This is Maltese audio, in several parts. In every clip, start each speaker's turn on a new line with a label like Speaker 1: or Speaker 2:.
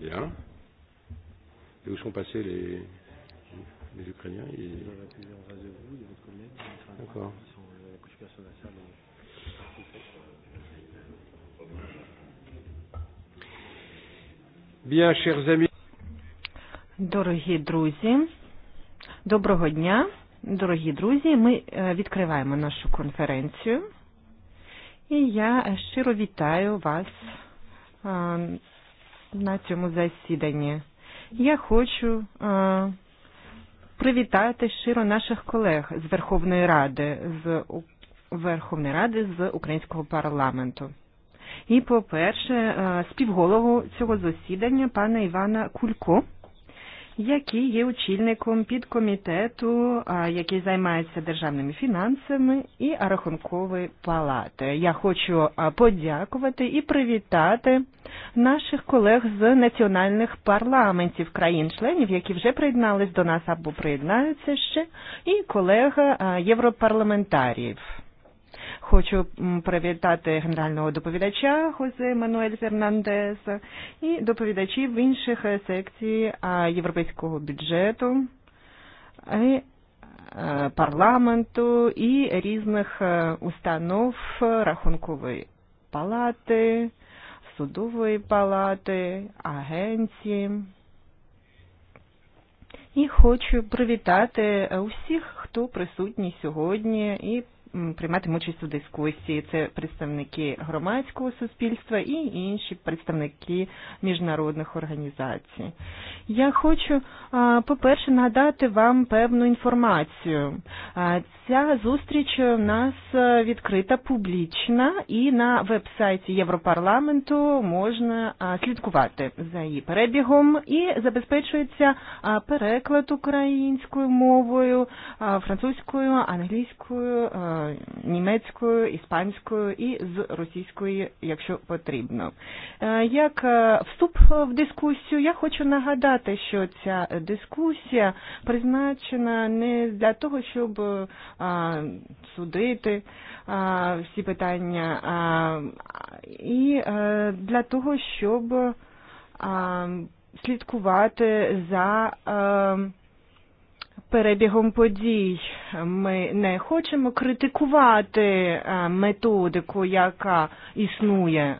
Speaker 1: Bien. Et où sont passés les, les Ukrainiens Ils ont
Speaker 2: en face de vous, votre collègue. D'accord. Ils sont à euh, la salle.
Speaker 3: Bien, chers amis. Дорогі друзі, доброго дня. Дорогі друзі, ми відкриваємо нашу конференцію. І я щиро вітаю вас на цьому засіданні. Я хочу е, привітати щиро наших колег з Верховної Ради з Верховної Ради з Українського парламенту. І, по-перше, співголову цього засідання пана Івана Кулько – які є очільником підкомітету, який займається державними фінансами і рахункової палати. Я хочу подякувати і привітати наших колег з національних парламентів країн-членів, які вже приєднались до нас або приєднаються ще, і колег європарламентарів. Хочу привітати генерального доповідача Хозе Мануель Фернандеса і доповідачів інших э, секцій європейського бюджету, э, э, парламенту і різних установ рахункової палати, судової палати, агенції. І хочу привітати усіх, хто присутній сьогодні і приймати участь у дискусії. Це представники громадського суспільства і інші представники міжнародних організацій. Я хочу, по-перше, надати вам певну інформацію. Ця зустріч у нас відкрита публічна і на веб-сайті Європарламенту можна слідкувати за її перебігом і забезпечується переклад українською мовою, французькою, англійською, Э, німецькою, іспанською і з російською, якщо потрібно. Як вступ в дискусію, я хочу нагадати, що ця дискусія призначена не для того, щоб судити всі питання, а і для того, щоб слідкувати за перебігом подій ми не хочемо критикувати методику, яка існує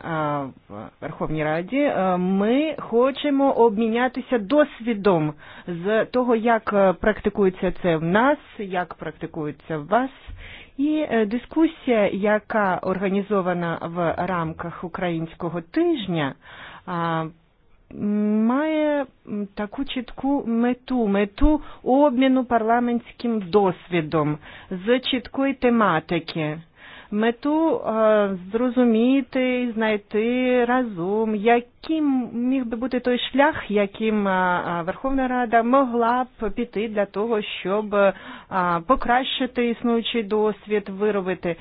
Speaker 3: в Верховній Раді. Ми хочемо обмінятися досвідом з того, як практикується це в нас, як практикується в вас. І дискусія, яка організована в рамках українського тижня має таку чітку мету, мету обміну парламентським досвідом з чіткої тематики мету зрозуміти, знайти разом, яким міг би бути той шлях, яким Верховна Рада могла б піти для того, щоб покращити існуючий досвід, виробити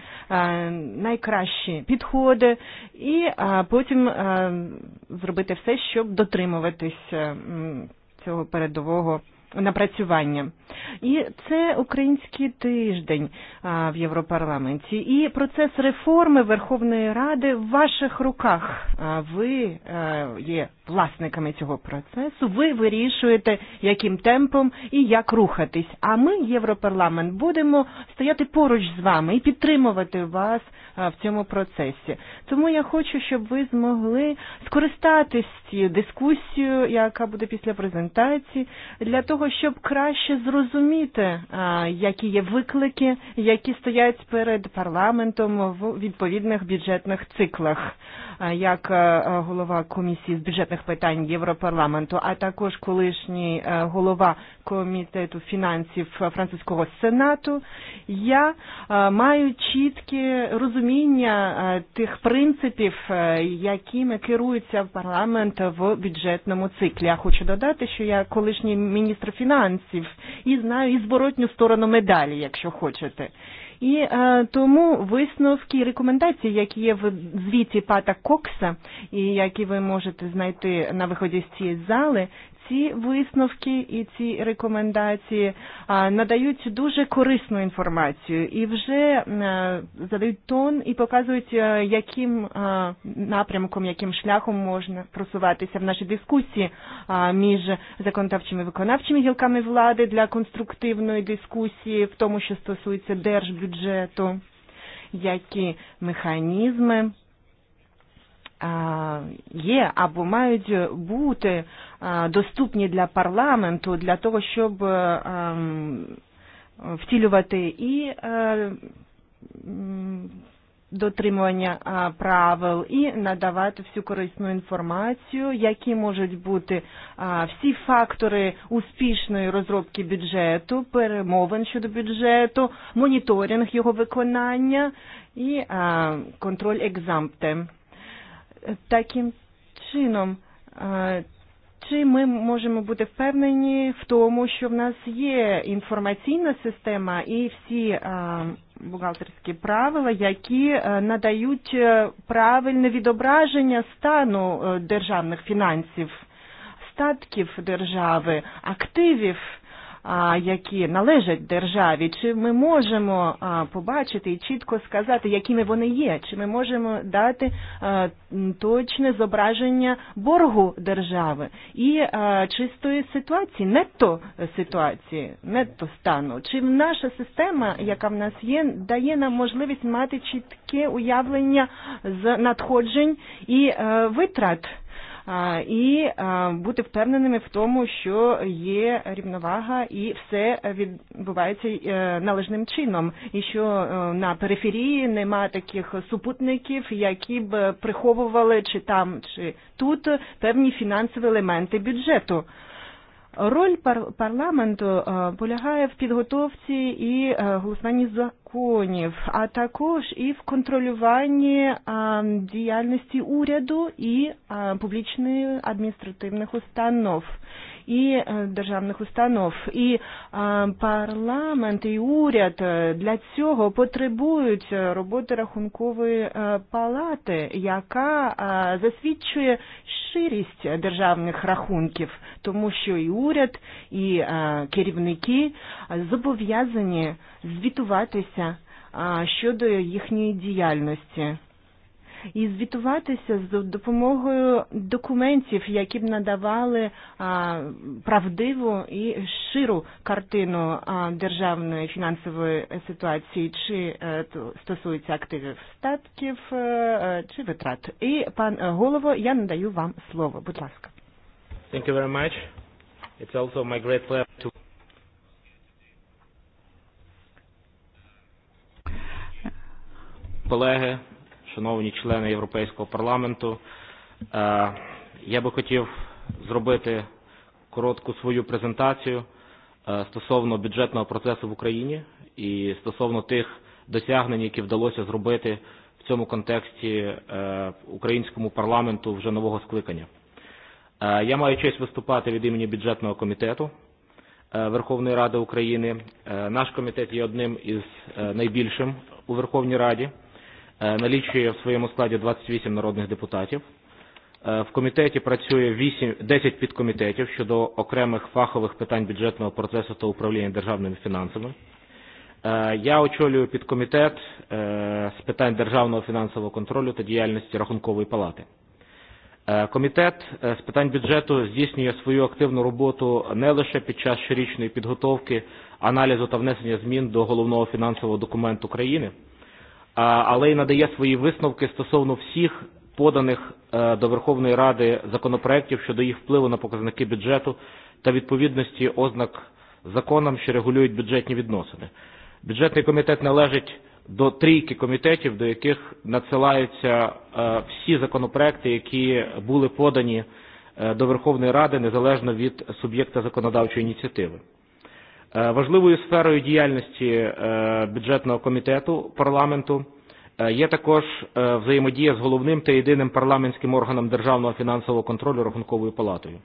Speaker 3: найкращі підходи і потім зробити все, щоб дотримуватись цього передового напрацювання. І це український тиждень в Європарламенті. І процес реформи Верховної Ради в ваших руках. Ви є власниками цього процесу. Ви вирішуєте, яким темпом і як рухатись. А ми, Європарламент, будемо стояти поруч з вами і підтримувати вас в цьому процесі. Тому я хочу, щоб ви змогли скористатись цією дискусією, яка буде після презентації, для того, щоб краще зрозуміти, які є виклики, які стоять перед парламентом в відповідних бюджетних циклах як голова комісії з бюджетних питань Європарламенту, а також колишній голова комітету фінансів французького сенату, я маю чітке розуміння тих принципів, якими керується парламент в бюджетному циклі. Я хочу додати, що я колишній міністр фінансів і знаю і зворотню сторону медалі, якщо хочете. І е, э, тому висновки і рекомендації, які є в звіті Пата Кокса, і які ви можете знайти на виході з цієї зали, ці висновки і ці рекомендації надають дуже корисну інформацію і вже задають тон і показують, э, яким напрямком, яким шляхом можна просуватися в нашій дискусії між законодавчими і виконавчими гілками влади для конструктивної дискусії в тому, що стосується держбюджету, які механізми є або мають бути доступні для парламенту для того, щоб втілювати і дотримування правил і надавати всю корисну інформацію, які можуть бути всі фактори успішної розробки бюджету, перемовин щодо бюджету, моніторинг його виконання і контроль екзамптем. Таким чином, чи ми можемо бути впевнені в тому, що в нас є інформаційна система і всі бухгалтерські правила, які надають правильне відображення стану державних фінансів, статків держави, активів які належать державі, чи ми можемо побачити і чітко сказати, якими вони є, чи ми можемо дати точне зображення боргу держави і чистої ситуації, нетто ситуації, нетто стану. Чи наша система, яка в нас є, дає нам можливість мати чітке уявлення з надходжень і витрат і бути впевненими в тому, що є рівновага і все відбувається належним чином, і що на периферії нема таких супутників, які б приховували чи там, чи тут певні фінансові елементи бюджету. Роль пар парламенту э, полягає в підготовці і голосуванні э, законів, а також і в контролюванні э, діяльності уряду і публічних адміністративних установ і державних установ, і парламент, і уряд для цього потребують роботи рахункової палати, яка засвідчує ширість державних рахунків, тому що і уряд, і керівники зобов'язані звітуватися щодо їхньої діяльності і звітуватися з допомогою документів, які б надавали а, правдиву і ширу картину а, державної фінансової ситуації, чи то стосується активів статків чи витрат. І, пан голово, я надаю вам слово. Будь ласка.
Speaker 4: Thank you very much. It's also my great pleasure to колеги, шановні члени Європейського парламенту. Я би хотів зробити коротку свою презентацію стосовно бюджетного процесу в Україні і стосовно тих досягнень, які вдалося зробити в цьому контексті українському парламенту вже нового скликання. Я маю честь виступати від імені бюджетного комітету Верховної Ради України. Наш комітет є одним із найбільшим у Верховній Раді налічує в своєму складі 28 народних депутатів. В комітеті працює 8, 10 підкомітетів щодо окремих фахових питань бюджетного процесу та управління державними фінансами. Я очолюю підкомітет з питань державного фінансового контролю та діяльності Рахункової палати. Комітет з питань бюджету здійснює свою активну роботу не лише під час щорічної підготовки, аналізу та внесення змін до головного фінансового документу країни – але й надає свої висновки стосовно всіх поданих до Верховної Ради законопроєктів щодо їх впливу на показники бюджету та відповідності ознак законам, що регулюють бюджетні відносини. Бюджетний комітет належить до трійки комітетів, до яких надсилаються всі законопроекти, які були подані до Верховної Ради незалежно від суб'єкта законодавчої ініціативи. Важливою сферою діяльності бюджетного комітету парламенту є також взаємодія з головним та єдиним парламентським органом державного фінансового контролю Рахунковою палатою.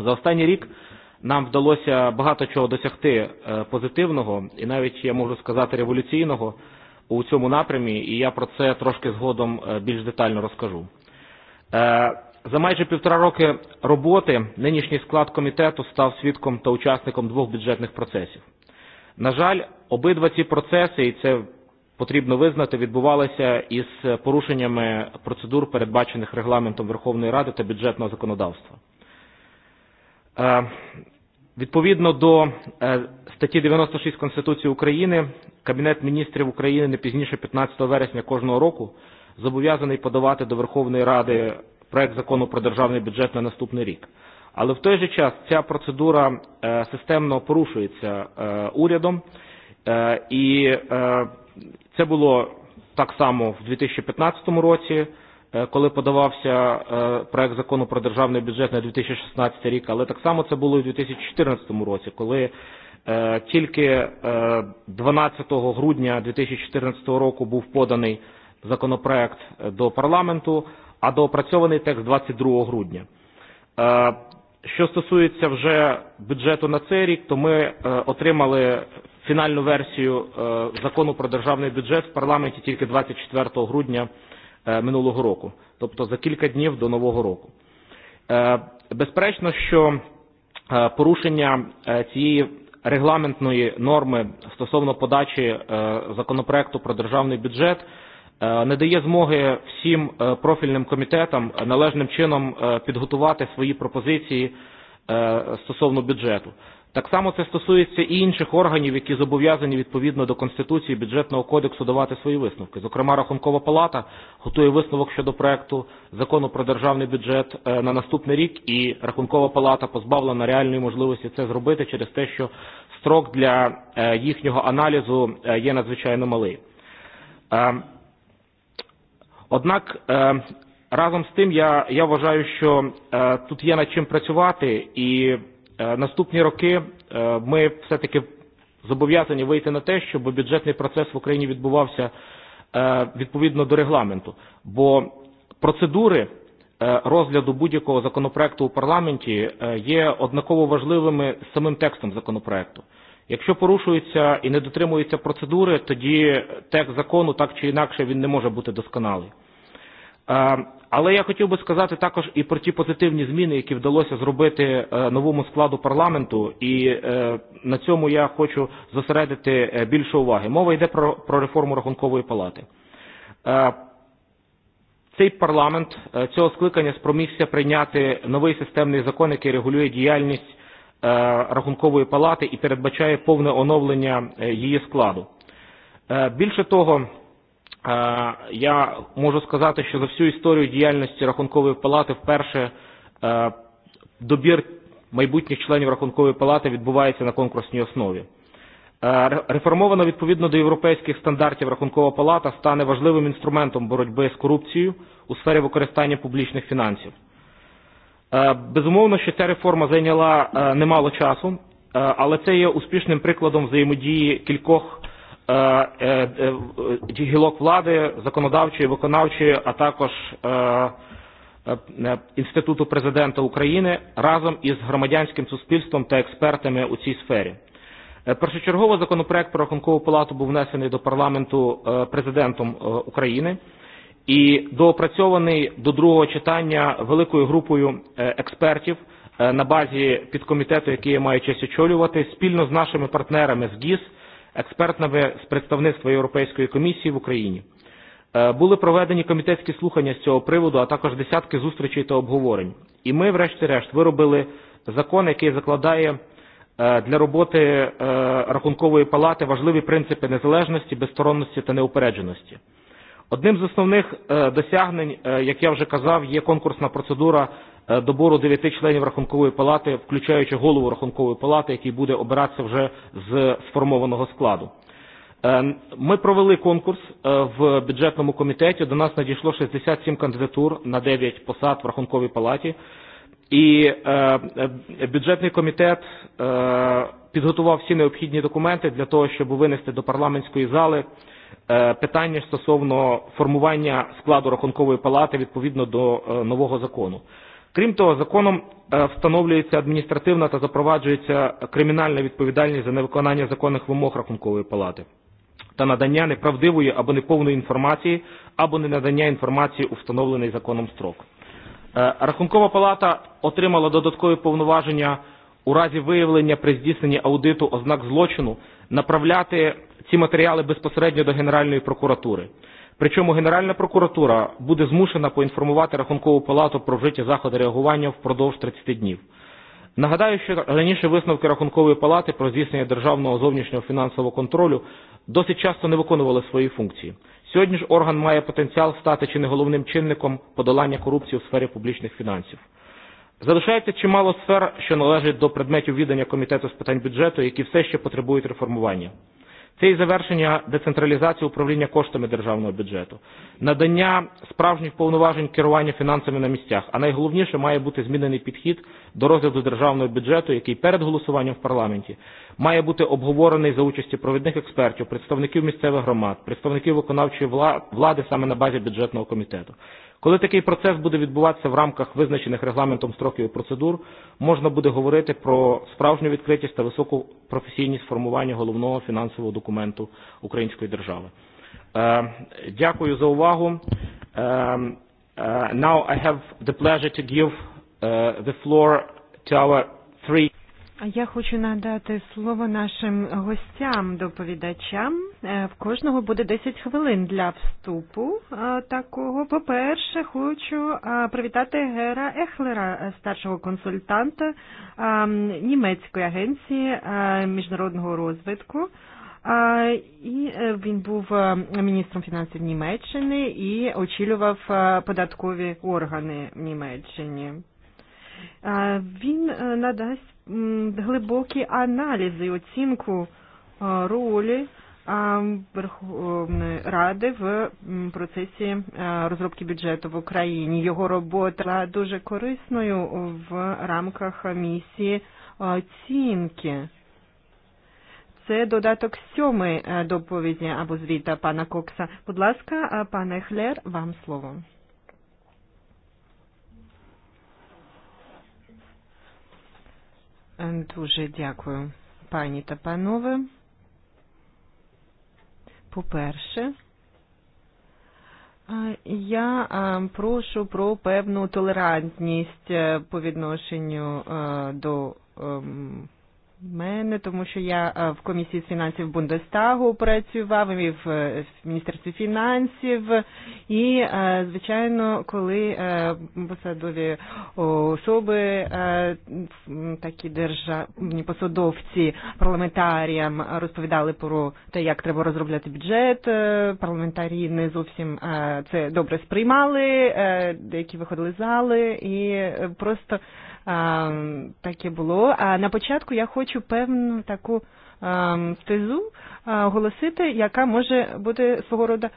Speaker 4: За останній рік нам вдалося багато чого досягти позитивного і навіть, я можу сказати, революційного у цьому напрямі, і я про це трошки згодом більш детально розкажу. За майже півтора роки роботи нинішній склад комітету став свідком та учасником двох бюджетних процесів. На жаль, обидва ці процеси, і це потрібно визнати, відбувалися із порушеннями процедур, передбачених регламентом Верховної Ради та бюджетного законодавства. Відповідно до статті 96 Конституції України, Кабінет міністрів України не пізніше 15 вересня кожного року зобов'язаний подавати до Верховної Ради проект закону про державний бюджет на наступний рік. Але в той же час ця процедура системно порушується урядом, і це було так само в 2015 році, коли подавався проект закону про державний бюджет на 2016 рік, але так само це було і в 2014 році, коли тільки 12 грудня 2014 року був поданий законопроект до парламенту, а доопрацьований текст 22 грудня. Що стосується вже бюджету на цей рік, то ми отримали фінальну версію закону про державний бюджет в парламенті тільки 24 грудня минулого року, тобто за кілька днів до нового року. Безперечно, що порушення цієї регламентної норми стосовно подачі законопроекту про державний бюджет – надає змоги всім профільним комітетам належним чином підготувати свої пропозиції стосовно бюджету. Так само це стосується і інших органів, які зобов'язані відповідно до Конституції бюджетного кодексу давати свої висновки. Зокрема, Рахункова палата готує висновок щодо проекту закону про державний бюджет на наступний рік, і Рахункова палата позбавлена реальної можливості це зробити через те, що строк для їхнього аналізу є надзвичайно малий. Однак, разом з тим, я, я вважаю, що тут є над чим працювати, і наступні роки ми все-таки зобов'язані вийти на те, щоб бюджетний процес в Україні відбувався відповідно до регламенту. Бо процедури розгляду будь-якого законопроекту у парламенті є однаково важливими з самим текстом законопроекту. Якщо порушується і не дотримується процедури, тоді текст закону так чи інакше він не може бути досконалий. Але я хотів би сказати також і про ті позитивні зміни, які вдалося зробити новому складу парламенту, і на цьому я хочу зосередити більше уваги. Мова йде про, про реформу рахункової палати. Цей парламент цього скликання спромігся прийняти новий системний закон, який регулює діяльність Рахункової палати і передбачає повне оновлення її складу. Більше того, я можу сказати, що за всю історію діяльності Рахункової палати вперше добір майбутніх членів Рахункової палати відбувається на конкурсній основі. Реформована відповідно до європейських стандартів Рахункова палата стане важливим інструментом боротьби з корупцією у сфері використання публічних фінансів. Безумовно, що ця реформа зайняла немало часу, але це є успішним прикладом взаємодії кількох гілок влади, законодавчої, виконавчої, а також Інституту президента України разом із громадянським суспільством та експертами у цій сфері. Першочергово законопроект про рахункову палату був внесений до парламенту президентом України – і доопрацьований до другого читання великою групою експертів на базі підкомітету, який я маю честь очолювати, спільно з нашими партнерами з ГІС, експертними з представництва Європейської комісії в Україні. Були проведені комітетські слухання з цього приводу, а також десятки зустрічей та обговорень. І ми, врешті-решт, виробили закон, який закладає для роботи Рахункової палати важливі принципи незалежності, безсторонності та неупередженості. Одним з основних досягнень, як я вже казав, є конкурсна процедура добору дев'яти членів Рахункової палати, включаючи голову Рахункової палати, який буде обиратися вже з сформованого складу. Ми провели конкурс в бюджетному комітеті. До нас надійшло 67 кандидатур на 9 посад в Рахунковій палаті. І бюджетний комітет підготував всі необхідні документи для того, щоб винести до парламентської зали питання стосовно формування складу рахункової палати відповідно до нового закону. Крім того, законом встановлюється адміністративна та запроваджується кримінальна відповідальність за невиконання законних вимог рахункової палати та надання неправдивої або неповної інформації або не надання інформації у встановлений законом строк. Рахункова палата отримала додаткові повноваження у разі виявлення при здійсненні аудиту ознак злочину направляти ці матеріали безпосередньо до Генеральної прокуратури. Причому Генеральна прокуратура буде змушена поінформувати Рахункову палату про вжиті заходи реагування впродовж 30 днів. Нагадаю, що раніше висновки Рахункової палати про здійснення державного зовнішнього фінансового контролю досить часто не виконували свої функції. Сьогодні ж орган має потенціал стати чи не головним чинником подолання корупції у сфері публічних фінансів. Залишається чимало сфер, що належать до предметів відання Комітету з питань бюджету, які все ще потребують реформування. Це і завершення децентралізації управління коштами державного бюджету, надання справжніх повноважень керування фінансами на місцях, а найголовніше має бути змінений підхід до розгляду державного бюджету, який перед голосуванням в парламенті має бути обговорений за участі провідних експертів, представників місцевих громад, представників виконавчої влади саме на базі бюджетного комітету. Коли такий процес буде відбуватися в рамках визначених регламентом строків і процедур, можна буде говорити про справжню відкритість та високу професійність формування головного фінансового документу української держави. Дякую за увагу. Now I have the pleasure to give Uh, the floor to our three.
Speaker 3: Я хочу надати слово нашим гостям, доповідачам. В кожного буде 10 хвилин для вступу такого. По-перше, хочу привітати Гера Ехлера, старшого консультанта німецької агенції міжнародного розвитку. І він був міністром фінансів Німеччини і очолював податкові органи в Німеччині. Він надасть глибокі аналізи, оцінку ролі Верховної Ради в процесі розробки бюджету в Україні. Його робота була дуже корисною в рамках місії оцінки. Це додаток сьомий доповіді або звіта пана Кокса. Будь ласка, пане Хлер, вам слово. Дуже дякую, пані та панове. По-перше, я прошу про певну толерантність по відношенню до мене, тому що я в комісії з фінансів Бундестагу працював і в міністерстві фінансів. І, звичайно, коли посадові особи, такі державні посадовці парламентаріям розповідали про те, як треба розробляти бюджет, парламентарі не зовсім це добре сприймали, деякі виходили з зали і просто Так і було. А на початку я хочу певну таку стезу оголосити, яка може бути свого роду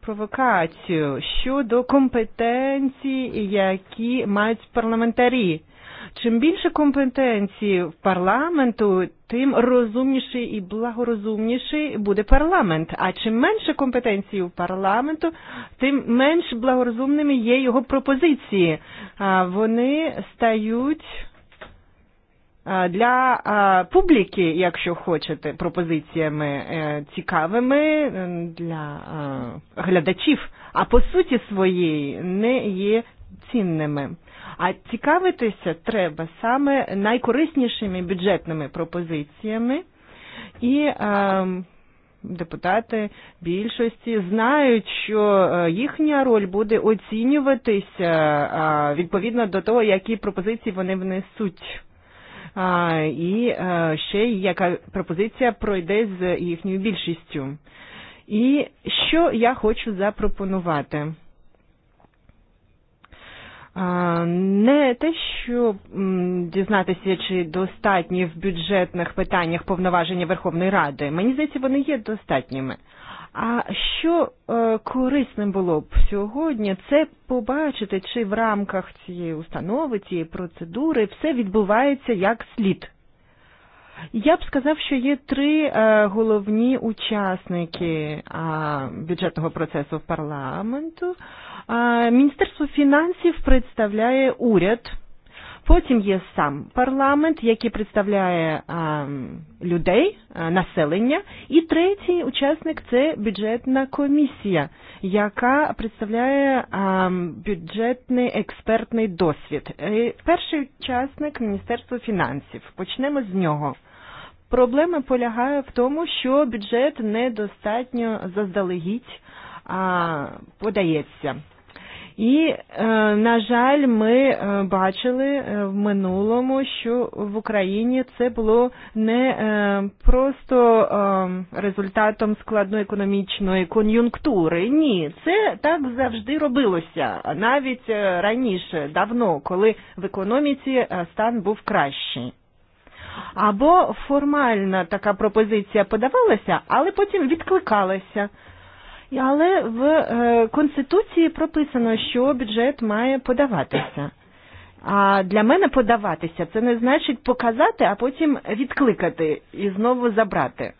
Speaker 3: провокацію щодо компетенції, які мають парламентарі Чим більше компетенції в парламенту, тим розумніший і благорозумніший буде парламент. А чим менше компетенції у парламенту, тим менш благорозумними є його пропозиції. Вони стають для публіки, якщо хочете, пропозиціями цікавими для глядачів, а по суті своєї не є цінними. А цікавитися треба саме найкориснішими бюджетними пропозиціями і депутати більшості знають, що їхня роль буде оцінюватися відповідно до того, які пропозиції вони внесуть. І ще яка пропозиція пройде з їхньою більшістю. І що я хочу запропонувати? Не те, що дізнатися, чи достатні в бюджетних питаннях повноваження Верховної Ради. Мені здається, вони є достатніми. А що е, корисним було б сьогодні, це побачити, чи в рамках цієї установи, цієї процедури все відбувається як слід. Я б сказав, що є три головні учасники бюджетного процесу в парламенту. Міністерство фінансів представляє уряд Потім є сам парламент, який представляє а, людей, а, населення. І третій учасник це бюджетна комісія, яка представляє а, бюджетний експертний досвід. І перший учасник Міністерство фінансів. Почнемо з нього. Проблема полягає в тому, що бюджет недостатньо заздалегідь а, подається. І, на жаль, ми бачили в минулому, що в Україні це було не просто результатом складної економічної кон'юнктури. Ні, це так завжди робилося, навіть раніше, давно, коли в економіці стан був кращий. Або формальна така пропозиція подавалася, але потім відкликалася. Але в Конституції прописано, що бюджет має подаватися. А для мене подаватися це не значить показати, а потім відкликати і знову забрати.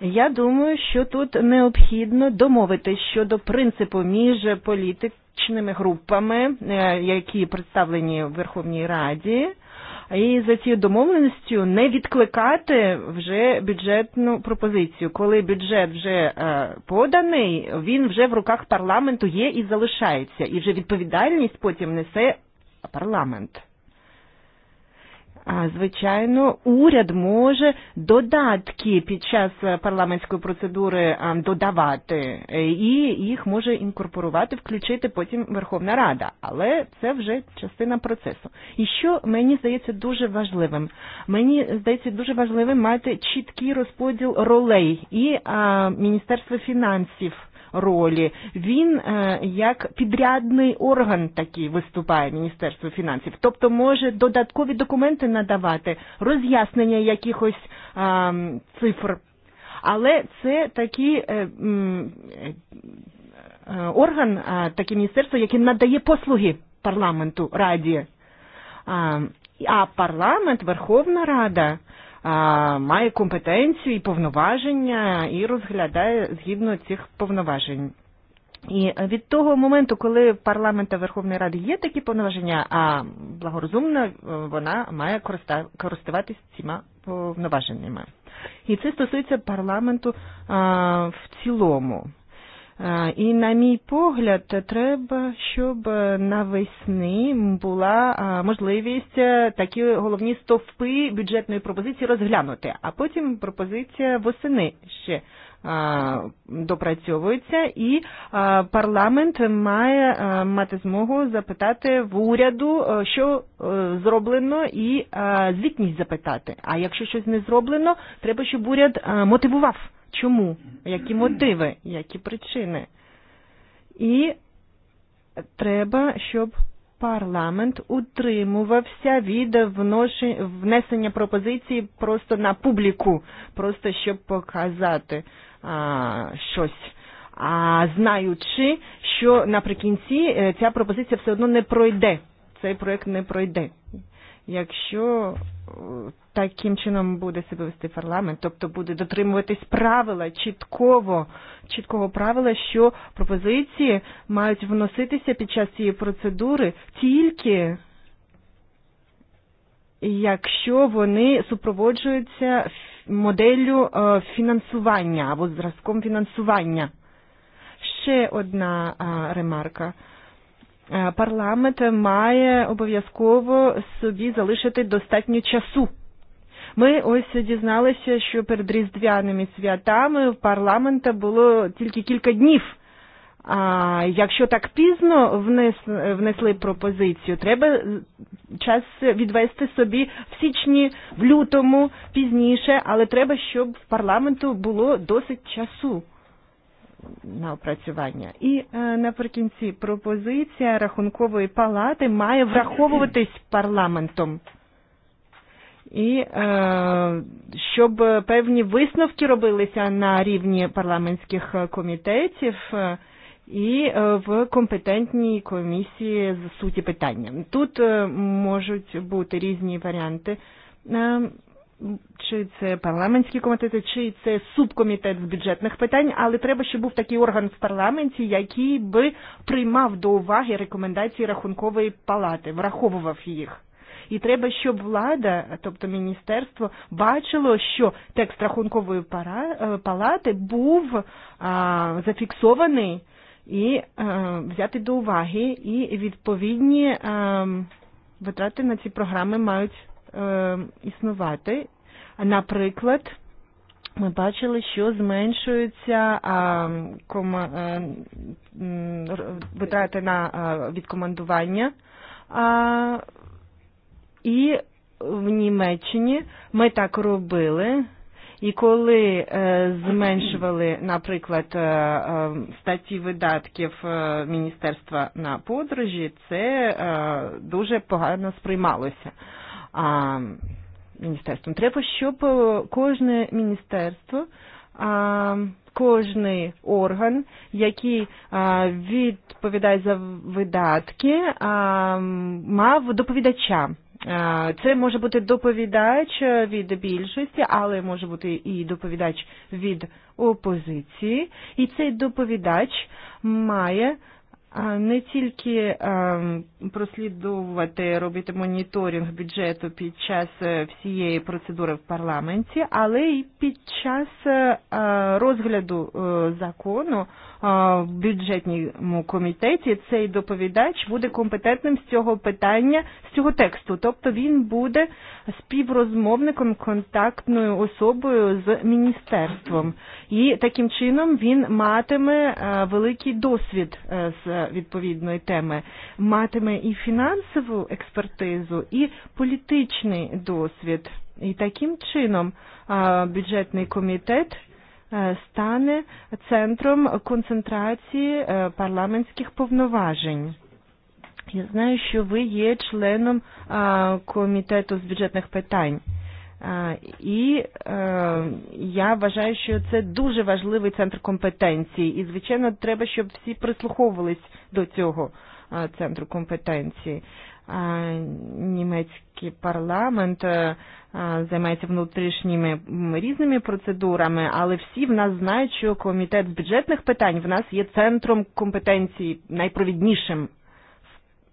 Speaker 3: Я думаю, що тут необхідно домовитися щодо принципу між політичними групами, які представлені в Верховній Раді і за цією домовленістю не відкликати вже бюджетну пропозицію. Коли бюджет вже поданий, він вже в руках парламенту є і залишається, і вже відповідальність потім несе парламент. Звичайно, уряд може додатки під час парламентської процедури додавати э, і їх може інкорпорувати, включити потім Верховна Рада, але це вже частина процесу. І що мені здається дуже важливим? Мені здається дуже важливим мати чіткий розподіл ролей і а, Міністерство фінансів ролі. Він як підрядний орган такий виступає Міністерство фінансів. Тобто може додаткові документи надавати, роз'яснення якихось цифр. Але це такі орган, таке міністерство, яке надає послуги парламенту, раді. А парламент, Верховна Рада має компетенцію і повноваження і розглядає згідно цих повноважень. І від того моменту, коли парламент та Верховної Ради є такі повноваження, а благорозумна вона має користуватися цими повноваженнями. І це стосується парламенту а, в цілому. І на мій погляд, треба, щоб навесни була можливість такі головні стовпи бюджетної пропозиції розглянути, а потім пропозиція восени ще допрацьовується, і парламент має мати змогу запитати в уряду, що зроблено, і звітність запитати. А якщо щось не зроблено, треба, щоб уряд мотивував чому, які мотиви, які причини. І треба, щоб парламент утримувався від внесення пропозиції просто на публіку, просто щоб показати а, щось. А знаючи, що наприкінці ця пропозиція все одно не пройде, цей проект не пройде. Якщо таким чином буде себе вести парламент, тобто буде дотримуватись правила чіткого, чіткого правила, що пропозиції мають вноситися під час цієї процедури тільки якщо вони супроводжуються моделлю фінансування або зразком фінансування. Ще одна ремарка. Парламент має обов'язково собі залишити достатньо часу Ми ось дізналися, що перед різдвяними святами в парламента було тільки кілька днів. А якщо так пізно внес, внесли пропозицію, треба час відвести собі в січні, в лютому, пізніше, але треба, щоб в парламенту було досить часу на опрацювання. І е, наприкінці пропозиція рахункової палати має враховуватись парламентом. І щоб певні висновки робилися на рівні парламентських комітетів і в компетентній комісії з суті питання. Тут можуть бути різні варіанти. Чи це парламентські комітети, чи це субкомітет з бюджетних питань, але треба, щоб був такий орган в парламенті, який би приймав до уваги рекомендації рахункової палати, враховував їх І треба, щоб влада, тобто міністерство, бачило, що текст рахункової палати був зафіксований і взяти до уваги, і відповідні витрати на ці програми мають існувати. Наприклад, ми бачили, що зменшуються а, а, витрати на а, відкомандування а, І в Німеччині ми так робили. І коли е, зменшували, наприклад, е, е, статті видатків е, Міністерства на подорожі, це е, дуже погано сприймалося. А, міністерством. Треба, щоб кожне міністерство, а, кожний орган, який відповідає за видатки, а, мав доповідача. Це може бути доповідач від більшості, але може бути і доповідач від опозиції. І цей доповідач має не тільки прослідувати робити моніторинг бюджету під час всієї процедури в парламенті, але й під час розгляду закону в бюджетному комітеті цей доповідач буде компетентним з цього питання, з цього тексту. Тобто він буде співрозмовником, контактною особою з міністерством. І таким чином він матиме великий досвід з відповідної теми, матиме і фінансову експертизу, і політичний досвід. І таким чином бюджетний комітет стане центром концентрації парламентських повноважень. Я знаю, що ви є членом комітету з бюджетних питань. І я вважаю, що це дуже важливий центр компетенції. І, звичайно, треба, щоб всі прислуховувались до цього центру компетенції. Німецький парламент займається внутрішніми різними процедурами, але всі в нас знають, що комітет з бюджетних питань в нас є центром компетенції найпровіднішим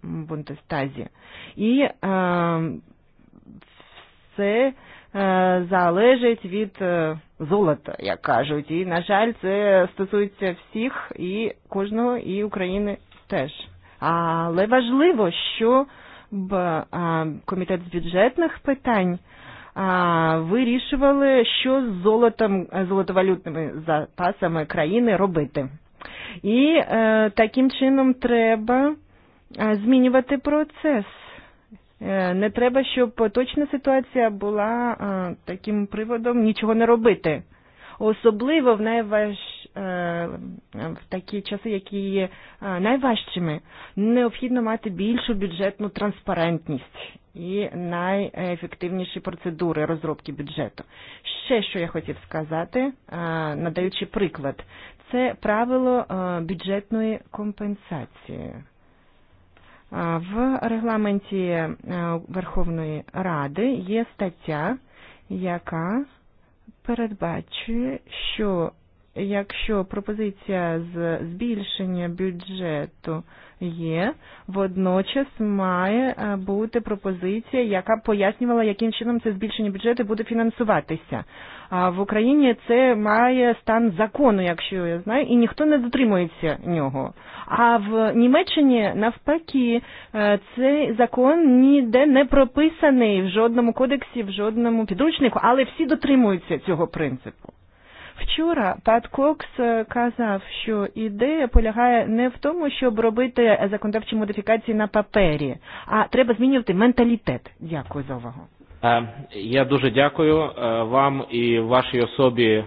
Speaker 3: в Бунтестазі. І все залежить від золота, як кажуть. І, на жаль, це стосується всіх і кожного, і України теж. Але важливо, що комітет з бюджетних питань вирішували, що з золотом, золотовалютними запасами країни робити. І таким чином треба змінювати процес. Не треба, щоб точна ситуація була таким приводом нічого не робити особливо в найваж в такі часи, які є найважчими, необхідно мати більшу бюджетну транспарентність і найефективніші процедури розробки бюджету. Ще що я хотів сказати, надаючи приклад, це правило бюджетної компенсації. В регламенті Верховної Ради є стаття, яка передбачує, що якщо пропозиція з збільшення бюджету Є водночас має бути пропозиція, яка пояснювала, яким чином це збільшення бюджету буде фінансуватися. А в Україні це має стан закону, якщо я знаю, і ніхто не дотримується нього. А в Німеччині навпаки цей закон ніде не прописаний в жодному кодексі, в жодному підручнику, але всі дотримуються цього принципу. Вчора Пат Кокс казав, що ідея полягає не в тому, щоб робити законодавчі модифікації на папері, а треба змінювати менталітет. Дякую за увагу.
Speaker 4: Я дуже дякую вам і вашій особі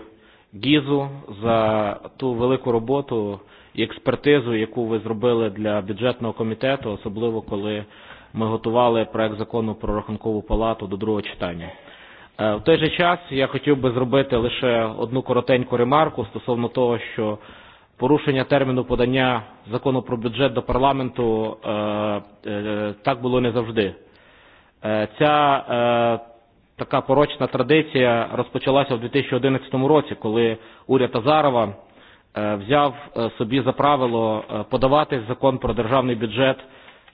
Speaker 4: Гізу за ту велику роботу і експертизу, яку ви зробили для бюджетного комітету, особливо коли ми готували проект закону про рахункову палату до другого читання. В той же час я хотів би зробити лише одну коротеньку ремарку стосовно того, що порушення терміну подання закону про бюджет до парламенту так було не завжди. Ця така порочна традиція розпочалася в 2011 році, коли уряд Азарова взяв собі за правило подавати закон про державний бюджет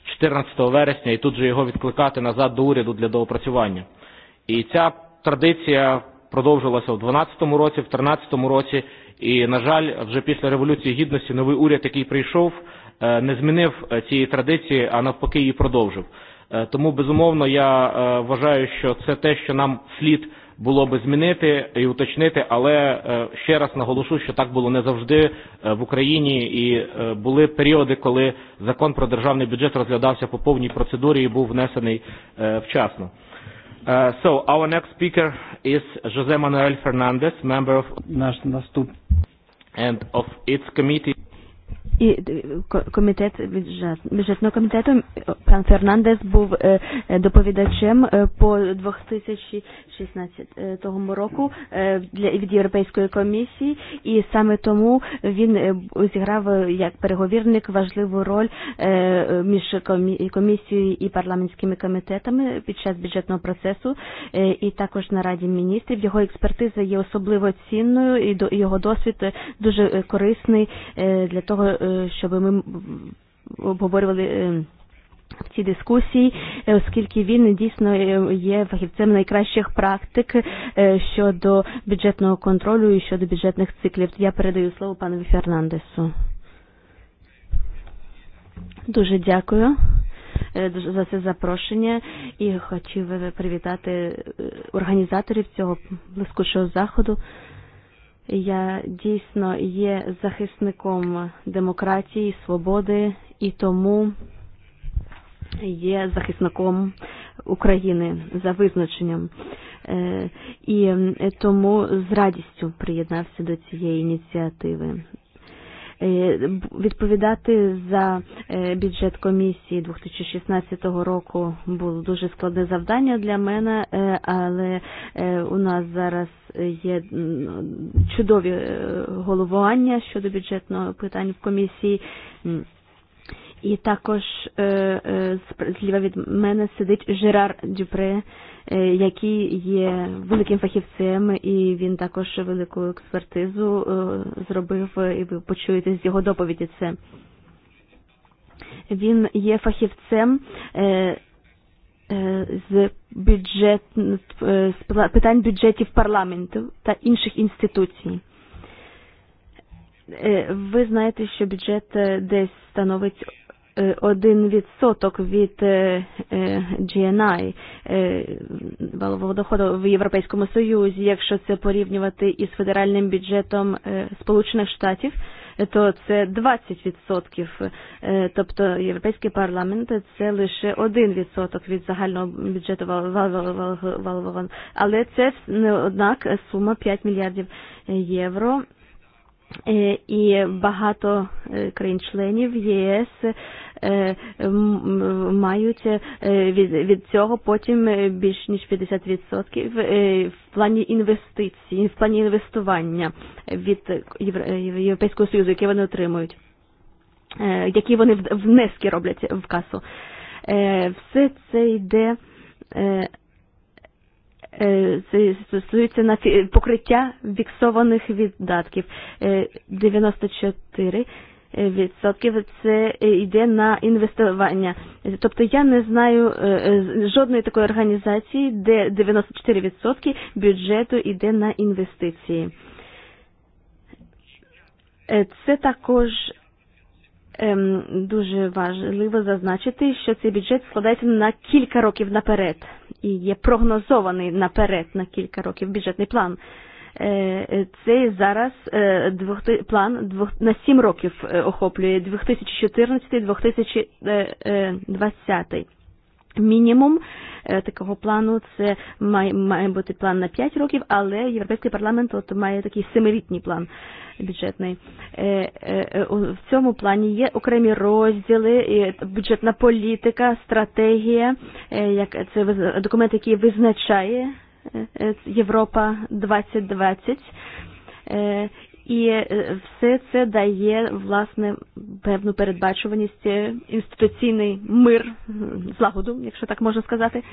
Speaker 4: 14 вересня і тут же його відкликати назад до уряду для доопрацювання. І ця традиція продовжилася в 12-му році, в 13-му році, і, на жаль, вже після Революції Гідності новий уряд, який прийшов, не змінив цієї традиції, а навпаки її продовжив. Тому, безумовно, я вважаю, що це те, що нам слід було би змінити і уточнити, але ще раз наголошу, що так було не завжди в Україні, і були періоди, коли закон про державний бюджет розглядався по повній процедурі і був внесений вчасно. Uh, so our next speaker is Jose Manuel Fernandez, member of National and of its committee
Speaker 1: комітет бюджет, бюджетного комітету пан Фернандес був доповідачем по 2016 року для від Європейської комісії, і саме тому він зіграв як переговірник важливу роль між комісією і парламентськими комітетами під час бюджетного процесу, і також на раді міністрів. Його експертиза є особливо цінною, і його досвід дуже корисний для того, щоб ми обговорювали ці э, дискусії, оскільки він э, дійсно є э, фахівцем найкращих практик щодо бюджетного контролю і щодо бюджетних циклів. Я передаю слово панові Фернандесу. Дуже дякую за це запрошення і хотів привітати організаторів цього блискучого заходу. Я дійсно є захисником демократії, свободи і тому є захисником України за визначенням. І тому з радістю приєднався до цієї ініціативи. Відповідати за бюджет комісії 2016 року було дуже складне завдання для мене, але у нас зараз є чудові головування щодо бюджетного питань в комісії. І також зліва від мене сидить Жерар Дюпре, який є великим фахівцем, і він також велику експертизу зробив, і ви почуєте з його доповіді це. Він є фахівцем з бюджет з питань бюджетів парламенту та інших інституцій. Ви знаєте, що бюджет десь становить відсоток від GNI валового доходу в Європейському Союзі, якщо це порівнювати із федеральним бюджетом Сполучених Штатів, то це 20%. Тобто Європейський парламент це лише 1% від загального бюджету валового. Але це не однак сума 5 мільярдів євро і багато країн-членів ЄС Э, мають э, від цього потім більш ніж 50% в плані інвестицій, в плані інвестування від Європейського Союзу, які вони отримують, які вони внески роблять в касу. Все це йде це стосується на покриття віксованих віддатків. 94 відсотків це йде на інвестування. Тобто я не знаю жодної такої організації, де 94% бюджету йде на інвестиції. Це також дуже важливо зазначити, що цей бюджет складається на кілька років наперед і є прогнозований наперед на кілька років бюджетний план. Eh, цей зараз план на 7 років охоплює 2014-2020. Мінімум такого плану це має, має бути план на 5 років, але Європейський парламент от має такий семирітній план бюджетний. В цьому плані є окремі розділи, бюджетна політика, стратегія, як це документ, який визначає Європа 2020. І все це дає власне певну передбачуваність, інституційний мир, злагоду, якщо так можна сказати.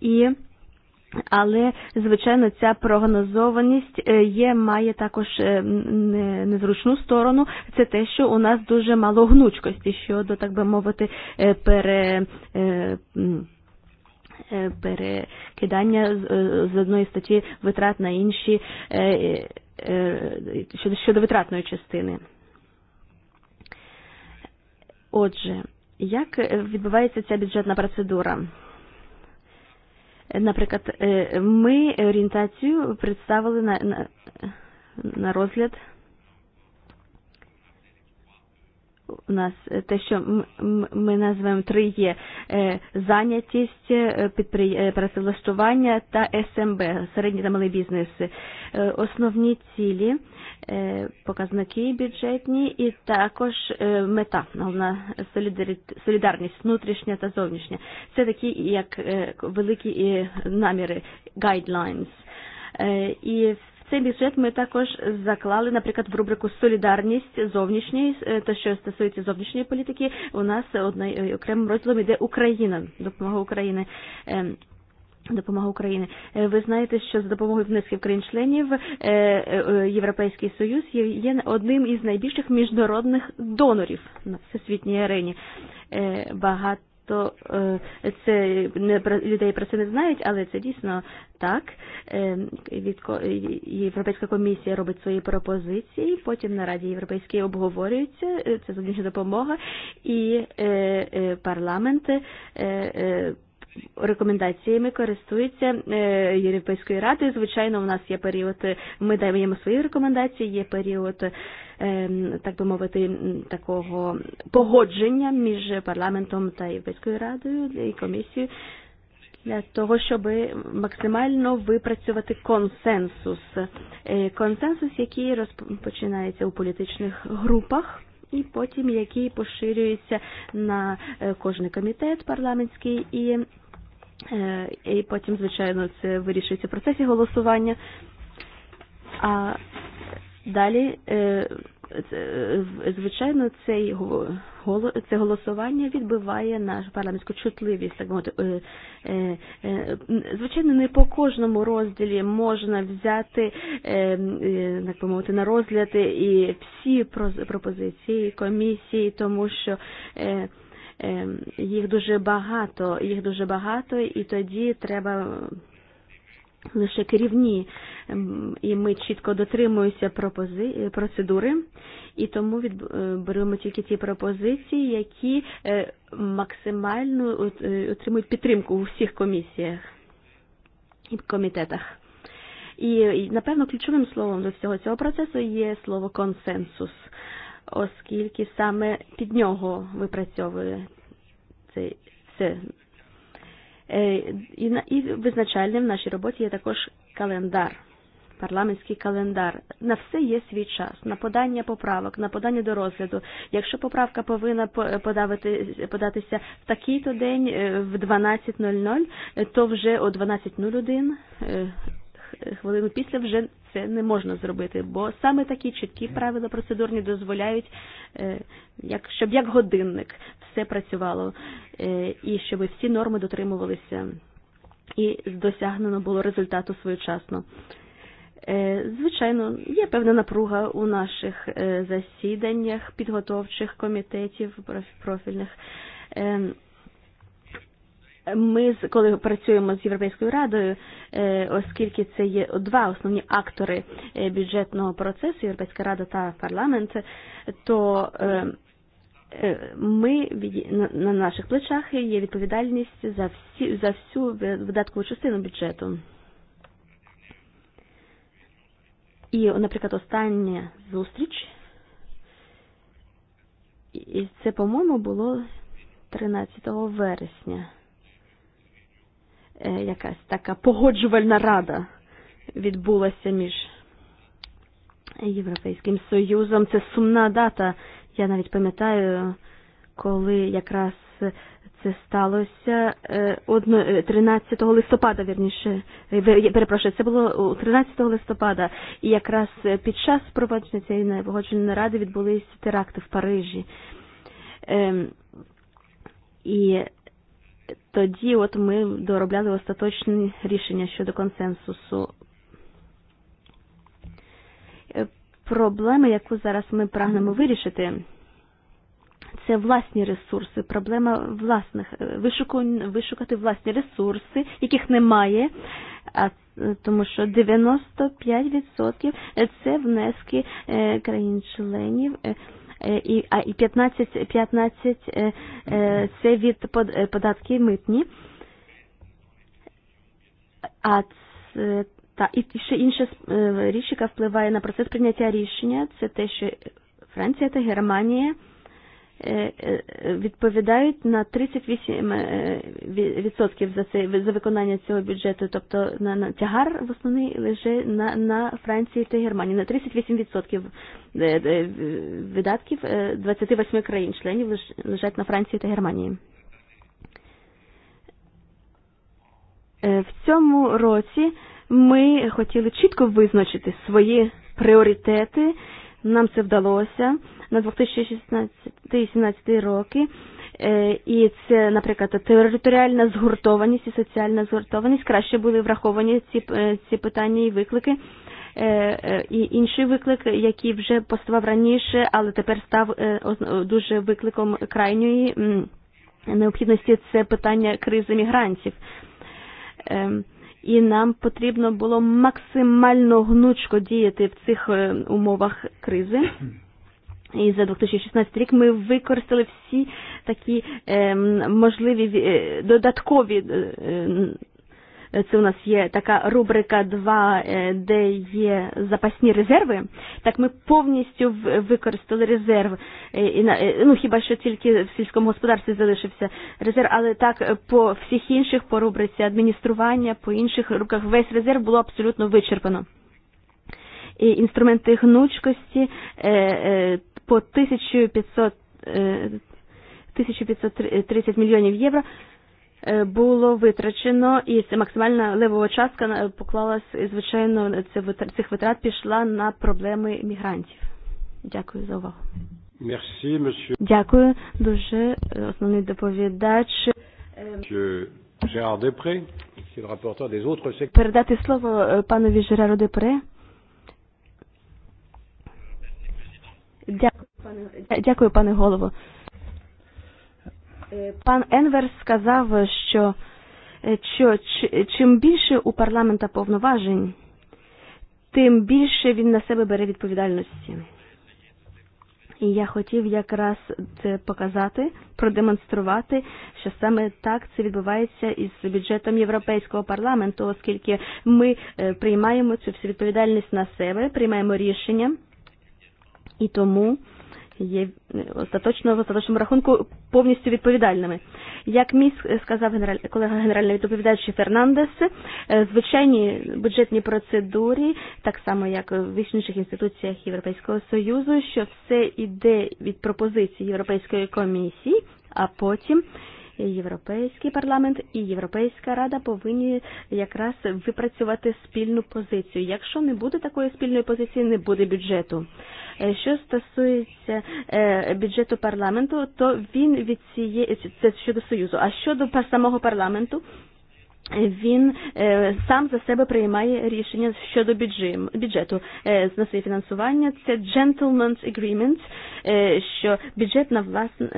Speaker 1: І але звичайно ця прогнозованість є має також незручну сторону. Це те, що у нас дуже мало гнучкості щодо, так би мовити, пере перекидання з одної статті витрат на інші щодо витратної частини. Отже, як відбувається ця бюджетна процедура? Наприклад, ми орієнтацію представили на, на, на розгляд у нас э, те, що ми назвемо три є э, зайнятість, э, працевлаштування та СМБ, середні та малий бізнес. Основні цілі, показники бюджетні і також мета, головна солідарність внутрішня та зовнішня. Це такі як великі наміри, guidelines. І Цей бюджет ми також заклали, наприклад, в рубрику Солідарність зовнішньої, те, що стосується зовнішньої політики, у нас одна окремим розділом іде Україна, допомога України допомога України. Ви знаєте, що за допомогою внесків країн-членів Європейський Союз є одним із найбільших міжнародних донорів на всесвітній арені. Багато то це не людей про це не знають, але це дійсно так. Європейська комісія робить свої пропозиції, потім на Раді Європейській обговорюється, це зовнішня допомога, і парламент рекомендаціями користується Європейською радою. Звичайно, у нас є період, ми даємо свої рекомендації, є період, так би мовити, такого погодження між парламентом та Європейською радою і комісією для того, щоб максимально випрацювати консенсус. Консенсус, який розпочинається у політичних групах і потім який поширюється на кожний комітет парламентський і і потім, звичайно, це вирішується в процесі голосування. А далі, звичайно, цей це голосування відбиває нашу парламентську чутливість. Так мовити, звичайно, не по кожному розділі можна взяти, так би мовити, на розгляд і всі пропозиції комісії, тому що їх дуже багато, їх дуже багато, і тоді треба лише керівні, і ми чітко дотримуємося пропози... процедури, і тому беремо тільки ті пропозиції, які максимально отримують підтримку у всіх комісіях і комітетах. І, напевно, ключовим словом до всього цього процесу є слово консенсус – оскільки саме під нього випрацьовує це все. І, і визначальним в нашій роботі є також календар, парламентський календар. На все є свій час, на подання поправок, на подання до розгляду. Якщо поправка повинна подавити, податися в такий-то день в 12.00, то вже о 12.01 хвилину після вже це не можна зробити, бо саме такі чіткі правила процедурні дозволяють, як, щоб як годинник все працювало і щоб всі норми дотримувалися і досягнено було результату своєчасно. Звичайно, є певна напруга у наших засіданнях підготовчих комітетів профільних Ми, коли працюємо з Європейською радою, оскільки це є два основні актори бюджетного процесу, Європейська рада та парламент, то ми на наших плечах є відповідальність за всі за всю видаткову частину бюджету. І, наприклад, остання зустріч, і це, по-моєму, було 13 вересня якась така погоджувальна рада відбулася між Європейським Союзом. Це сумна дата. Я навіть пам'ятаю, коли якраз це сталося 13 листопада, вірніше, перепрошую, це було 13 листопада, і якраз під час проведення цієї погодженої ради відбулись теракти в Парижі. І тоді от ми доробляли остаточні рішення щодо консенсусу. Проблема, яку зараз ми прагнемо вирішити, це власні ресурси, проблема власних вишуку, вишукати власні ресурси, яких немає, а тому що 95% це внески країн-членів. Е, і 15, 15 це від податки митні. А та і ще інша річ, яка впливає на процес прийняття рішення, це те, що Франція та Германія – відповідають на 38% за це за виконання цього бюджету, тобто на, на тягар в основний лежи на, на Франції та Германії. На 38% видатків 28 країн-членів лежать на Франції та Германії. В цьому році ми хотіли чітко визначити свої пріоритети Нам це вдалося на 2017 роки. І э, це, наприклад, територіальна згуртованість і соціальна згуртованість. Краще були враховані ці, ці питання і виклики. І інший виклик, який вже поставав раніше, але тепер став дуже викликом крайньої необхідності, це питання кризи мігрантів і нам потрібно було максимально гнучко діяти в цих умовах кризи. І за 2016 рік ми використали всі такі е, можливі е, додаткові е, це у нас є така рубрика 2, де є запасні резерви, так ми повністю використали резерв. Ну, хіба що тільки в сільському господарстві залишився резерв, але так по всіх інших, по рубриці адміністрування, по інших руках весь резерв було абсолютно вичерпано. І інструменти гнучкості по 1500 1530 мільйонів євро – було витрачено, і максимальна левова частка поклалась, і, звичайно, цих витрат пішла на проблеми мігрантів. Дякую за увагу.
Speaker 2: Merci, monsieur.
Speaker 1: Дякую дуже, основний доповідач. Передати слово панові Жерару Депре. Дякую, пане, дякую, пане голово. Пан Енверс сказав, що що чим більше у парламента повноважень, тим більше він на себе бере відповідальності. І я хотів якраз це показати, продемонструвати, що саме так це відбувається із бюджетом Європейського парламенту, оскільки ми приймаємо цю всю відповідальність на себе, приймаємо рішення, і тому є остаточно в остаточному рахунку повністю відповідальними. Як міс сказав генераль, колега генеральний відповідач Фернандес, звичайні бюджетні процедури, так само як в інших інституціях Європейського Союзу, що все йде від пропозиції Європейської комісії, а потім Європейський парламент і Європейська рада повинні якраз випрацювати спільну позицію. Якщо не буде такої спільної позиції, не буде бюджету. Що стосується бюджету парламенту, то він від цієї це щодо союзу. А щодо самого парламенту, Він сам за себе приймає рішення щодо бюджету з своє фінансування. Це gentleman's agreement, що бюджет на власне,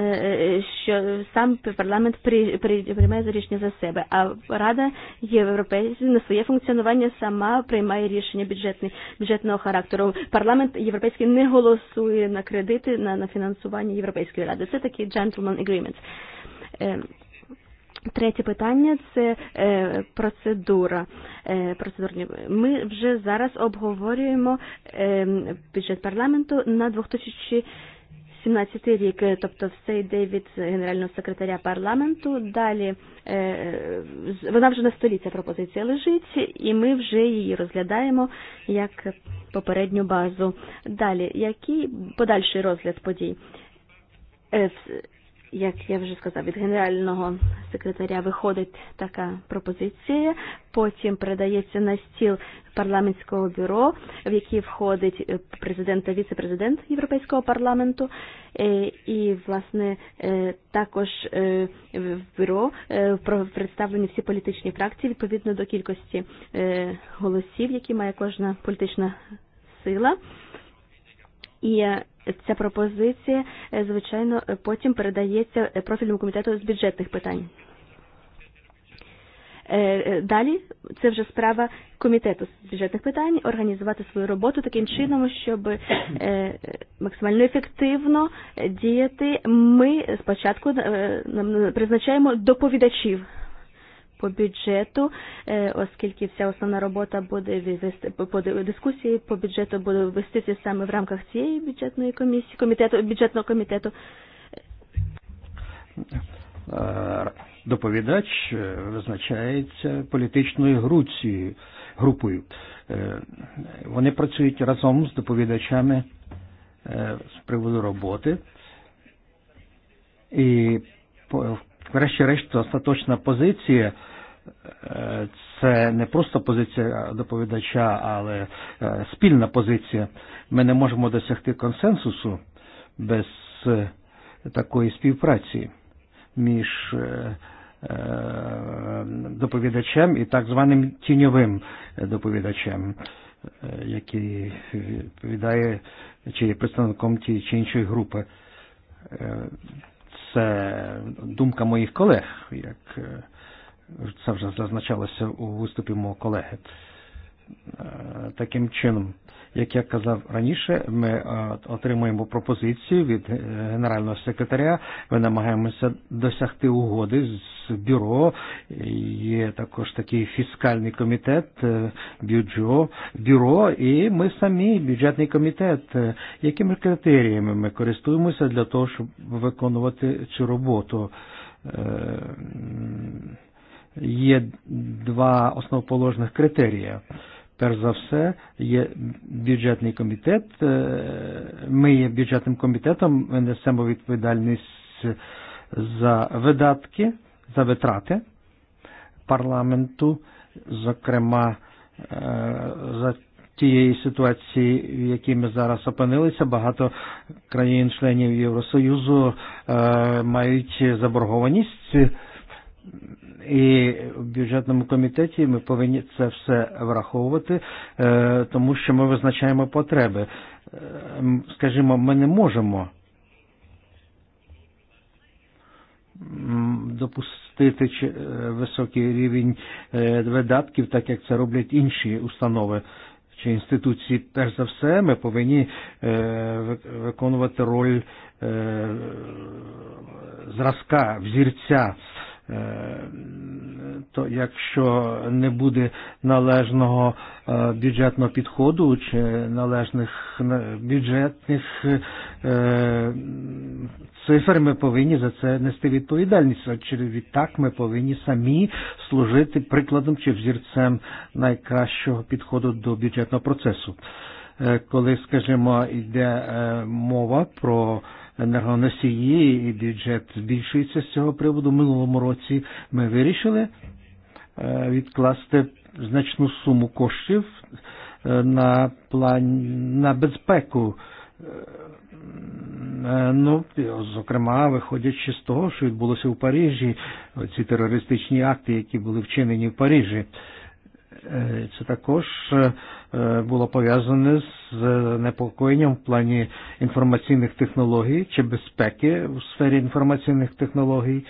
Speaker 1: що сам парламент приймає за рішення за себе, а Рада Європейська на своє функціонування сама приймає рішення бюджетний, бюджетного характеру. Парламент європейський не голосує на кредити на, на фінансування Європейської ради. Це такий gentleman agreement Третє питання це е, процедура. Е, процедурні. Ми вже зараз обговорюємо е, бюджет парламенту на 2017 рік, тобто все йде від генерального секретаря парламенту. Далі е, вона вже на столі ця пропозиція лежить, і ми вже її розглядаємо як попередню базу. Далі, який подальший розгляд подій? Е, Як я вже сказав, від генерального секретаря виходить така пропозиція, потім передається на стіл парламентського бюро, в який входить президент та віце-президент Європейського парламенту, і, власне, також в бюро представлені всі політичні фракції відповідно до кількості голосів, які має кожна політична сила ця пропозиція, звичайно, потім передається профільному комітету з бюджетних питань. Далі це вже справа комітету з бюджетних питань організувати свою роботу таким чином, щоб максимально ефективно діяти. Ми спочатку призначаємо доповідачів по бюджету, э, оскільки вся основна робота буде вести по дискусії по бюджету буде вестися саме в рамках цієї бюджетної комісії, комітету бюджетного комітету.
Speaker 2: Доповідач визначається політичною груцією, групою. Вони працюють разом з доповідачами з приводу роботи. І в врешті-решт, остаточна позиція це не просто позиція доповідача, але спільна позиція. Ми не можемо досягти консенсусу без такої співпраці між доповідачем і так званим тіньовим доповідачем, який відповідає чи є представником тієї чи іншої групи це думка моїх колег, як це вже зазначалося у виступі мого колеги. Э, таким чином. Як я казав раніше, ми отримуємо пропозиції від генерального секретаря. Ми намагаємося досягти угоди з бюро. Є також такий фіскальний комітет, бюджо, бюро, і ми самі, бюджетний комітет. Якими критеріями ми користуємося для того, щоб виконувати цю роботу? Є два основоположних критерія – Перш за все, є бюджетний комітет. Ми є бюджетним комітетом, ми несемо відповідальність за видатки, за витрати парламенту, зокрема за тієї ситуації, в якій ми зараз опинилися, багато країн-членів Євросоюзу мають заборгованість І в бюджетному комітеті ми повинні це все враховувати, тому що ми визначаємо потреби. Скажімо, ми не можемо допустити високий рівень видатків, так як це роблять інші установи чи інституції. Перш за все, ми повинні виконувати роль зразка, взірця то якщо не буде належного бюджетного підходу чи належних бюджетних цифр, ми повинні за це нести відповідальність. через відтак ми повинні самі служити прикладом чи взірцем найкращого підходу до бюджетного процесу. Коли, скажімо, йде мова про енергоносії і бюджет збільшується з цього приводу. В минулому році ми вирішили відкласти значну суму коштів на план на безпеку. Ну, зокрема, виходячи з того, що відбулося в Парижі, ці терористичні акти, які були вчинені в Парижі, це також було пов'язане з непокоєнням в плані інформаційних технологій чи безпеки в сфері інформаційних технологій,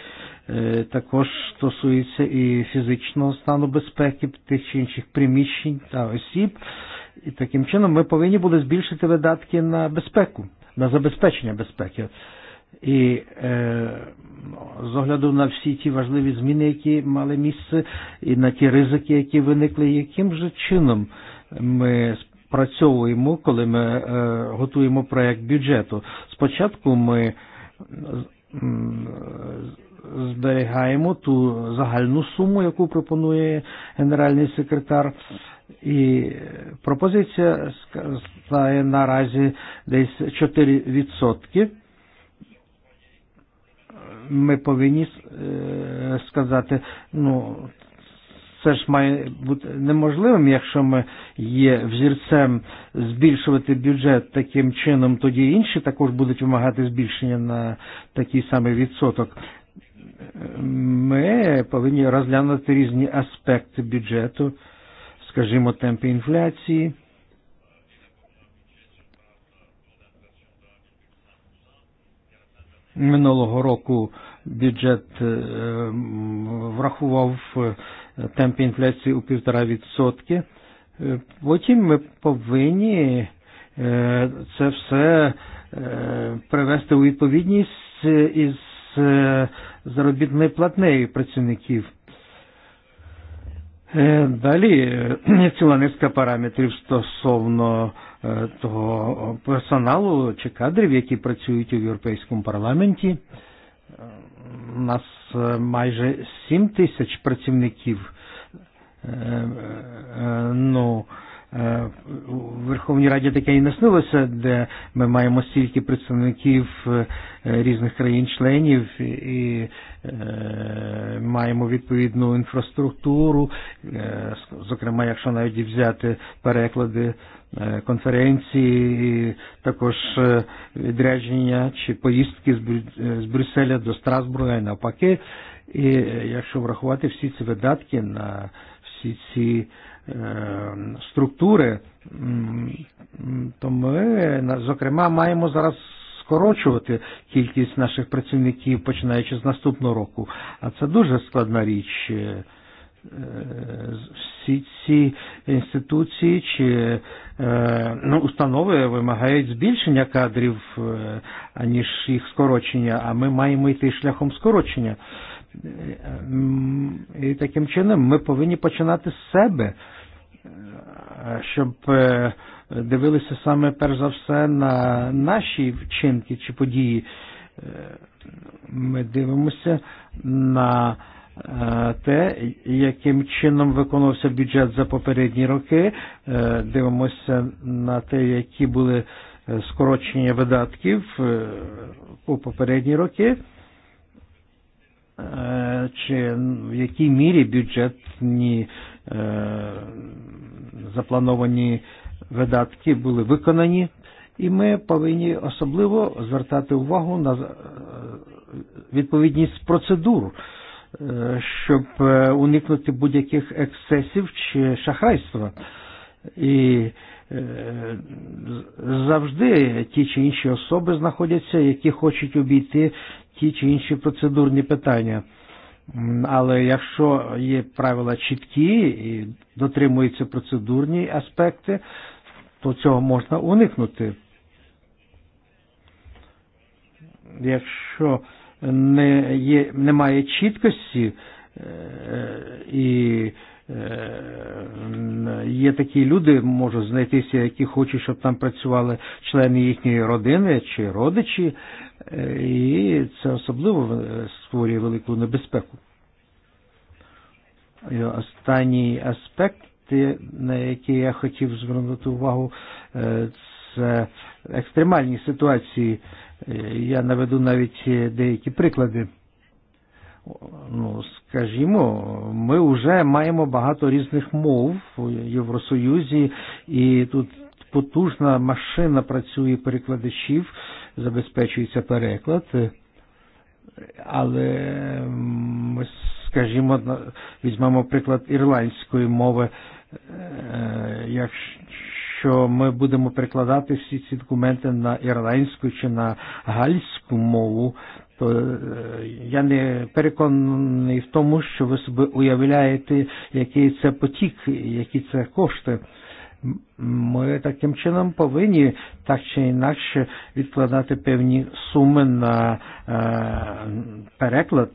Speaker 2: також стосується і фізичного стану безпеки тих чи інших приміщень та осіб. І таким чином ми повинні були збільшити видатки на безпеку, на забезпечення безпеки. І е, з огляду на всі ті важливі зміни, які мали місце, і на ті ризики, які виникли, яким же чином ми спрацьовуємо, коли ми готуємо проєкт бюджету. Спочатку ми зберігаємо ту загальну суму, яку пропонує генеральний секретар. І пропозиція стає наразі десь 4%. Ми повинні сказати, ну, Це ж має бути неможливим, якщо ми є взірцем збільшувати бюджет таким чином, тоді інші також будуть вимагати збільшення на такий самий відсоток. Ми повинні розглянути різні аспекти бюджету, скажімо, темпи інфляції. Минулого року бюджет врахував темпі інфляції у відсотки. Потім ми повинні це все привести у відповідність із заробітною платнею працівників. Далі ціла низка параметрів стосовно того персоналу чи кадрів, які працюють у Європейському парламенті. Нас майже 7 тисяч працівників. Ну, в Верховній Раді таке і наснилося, де ми маємо стільки представників э, різних країн-членів і э, маємо відповідну інфраструктуру, э, зокрема, якщо навіть взяти переклади конференції, також відрядження чи поїздки з Брюсселя до Страсбурга і навпаки. І якщо врахувати всі ці видатки на всі ці структури, то ми, зокрема, маємо зараз скорочувати кількість наших працівників, починаючи з наступного року. А це дуже складна річ. Всі ці інституції чи ну, установи вимагають збільшення кадрів, аніж їх скорочення, а ми маємо йти шляхом скорочення. І таким чином ми повинні починати з себе щоб дивилися саме перш за все на наші вчинки чи події. Ми дивимося на те, яким чином виконувався бюджет за попередні роки, дивимося на те, які були скорочення видатків у попередні роки, чи в якій мірі бюджетні заплановані видатки були виконані, і ми повинні особливо звертати увагу на відповідність процедур, щоб уникнути будь-яких ексцесів чи шахрайства. І завжди ті чи інші особи знаходяться, які хочуть обійти ті чи інші процедурні питання. Але якщо є правила чіткі і дотримуються процедурні аспекти, то цього можна уникнути. Якщо не є, немає чіткості і є такі люди, можуть знайтися, які хочуть, щоб там працювали члени їхньої родини чи родичі, і це особливо створює велику небезпеку. І останній аспект, на який я хотів звернути увагу, це екстремальні ситуації. Я наведу навіть деякі приклади. Ну, скажімо, ми вже маємо багато різних мов у Євросоюзі, і тут потужна машина працює перекладачів, забезпечується переклад, але ми, скажімо, візьмемо приклад ірландської мови, якщо ми будемо перекладати всі ці документи на ірландську чи на гальську мову, то я не переконаний в тому, що ви собі уявляєте, який це потік, які це кошти. Ми таким чином повинні так чи інакше відкладати певні суми на е, переклад,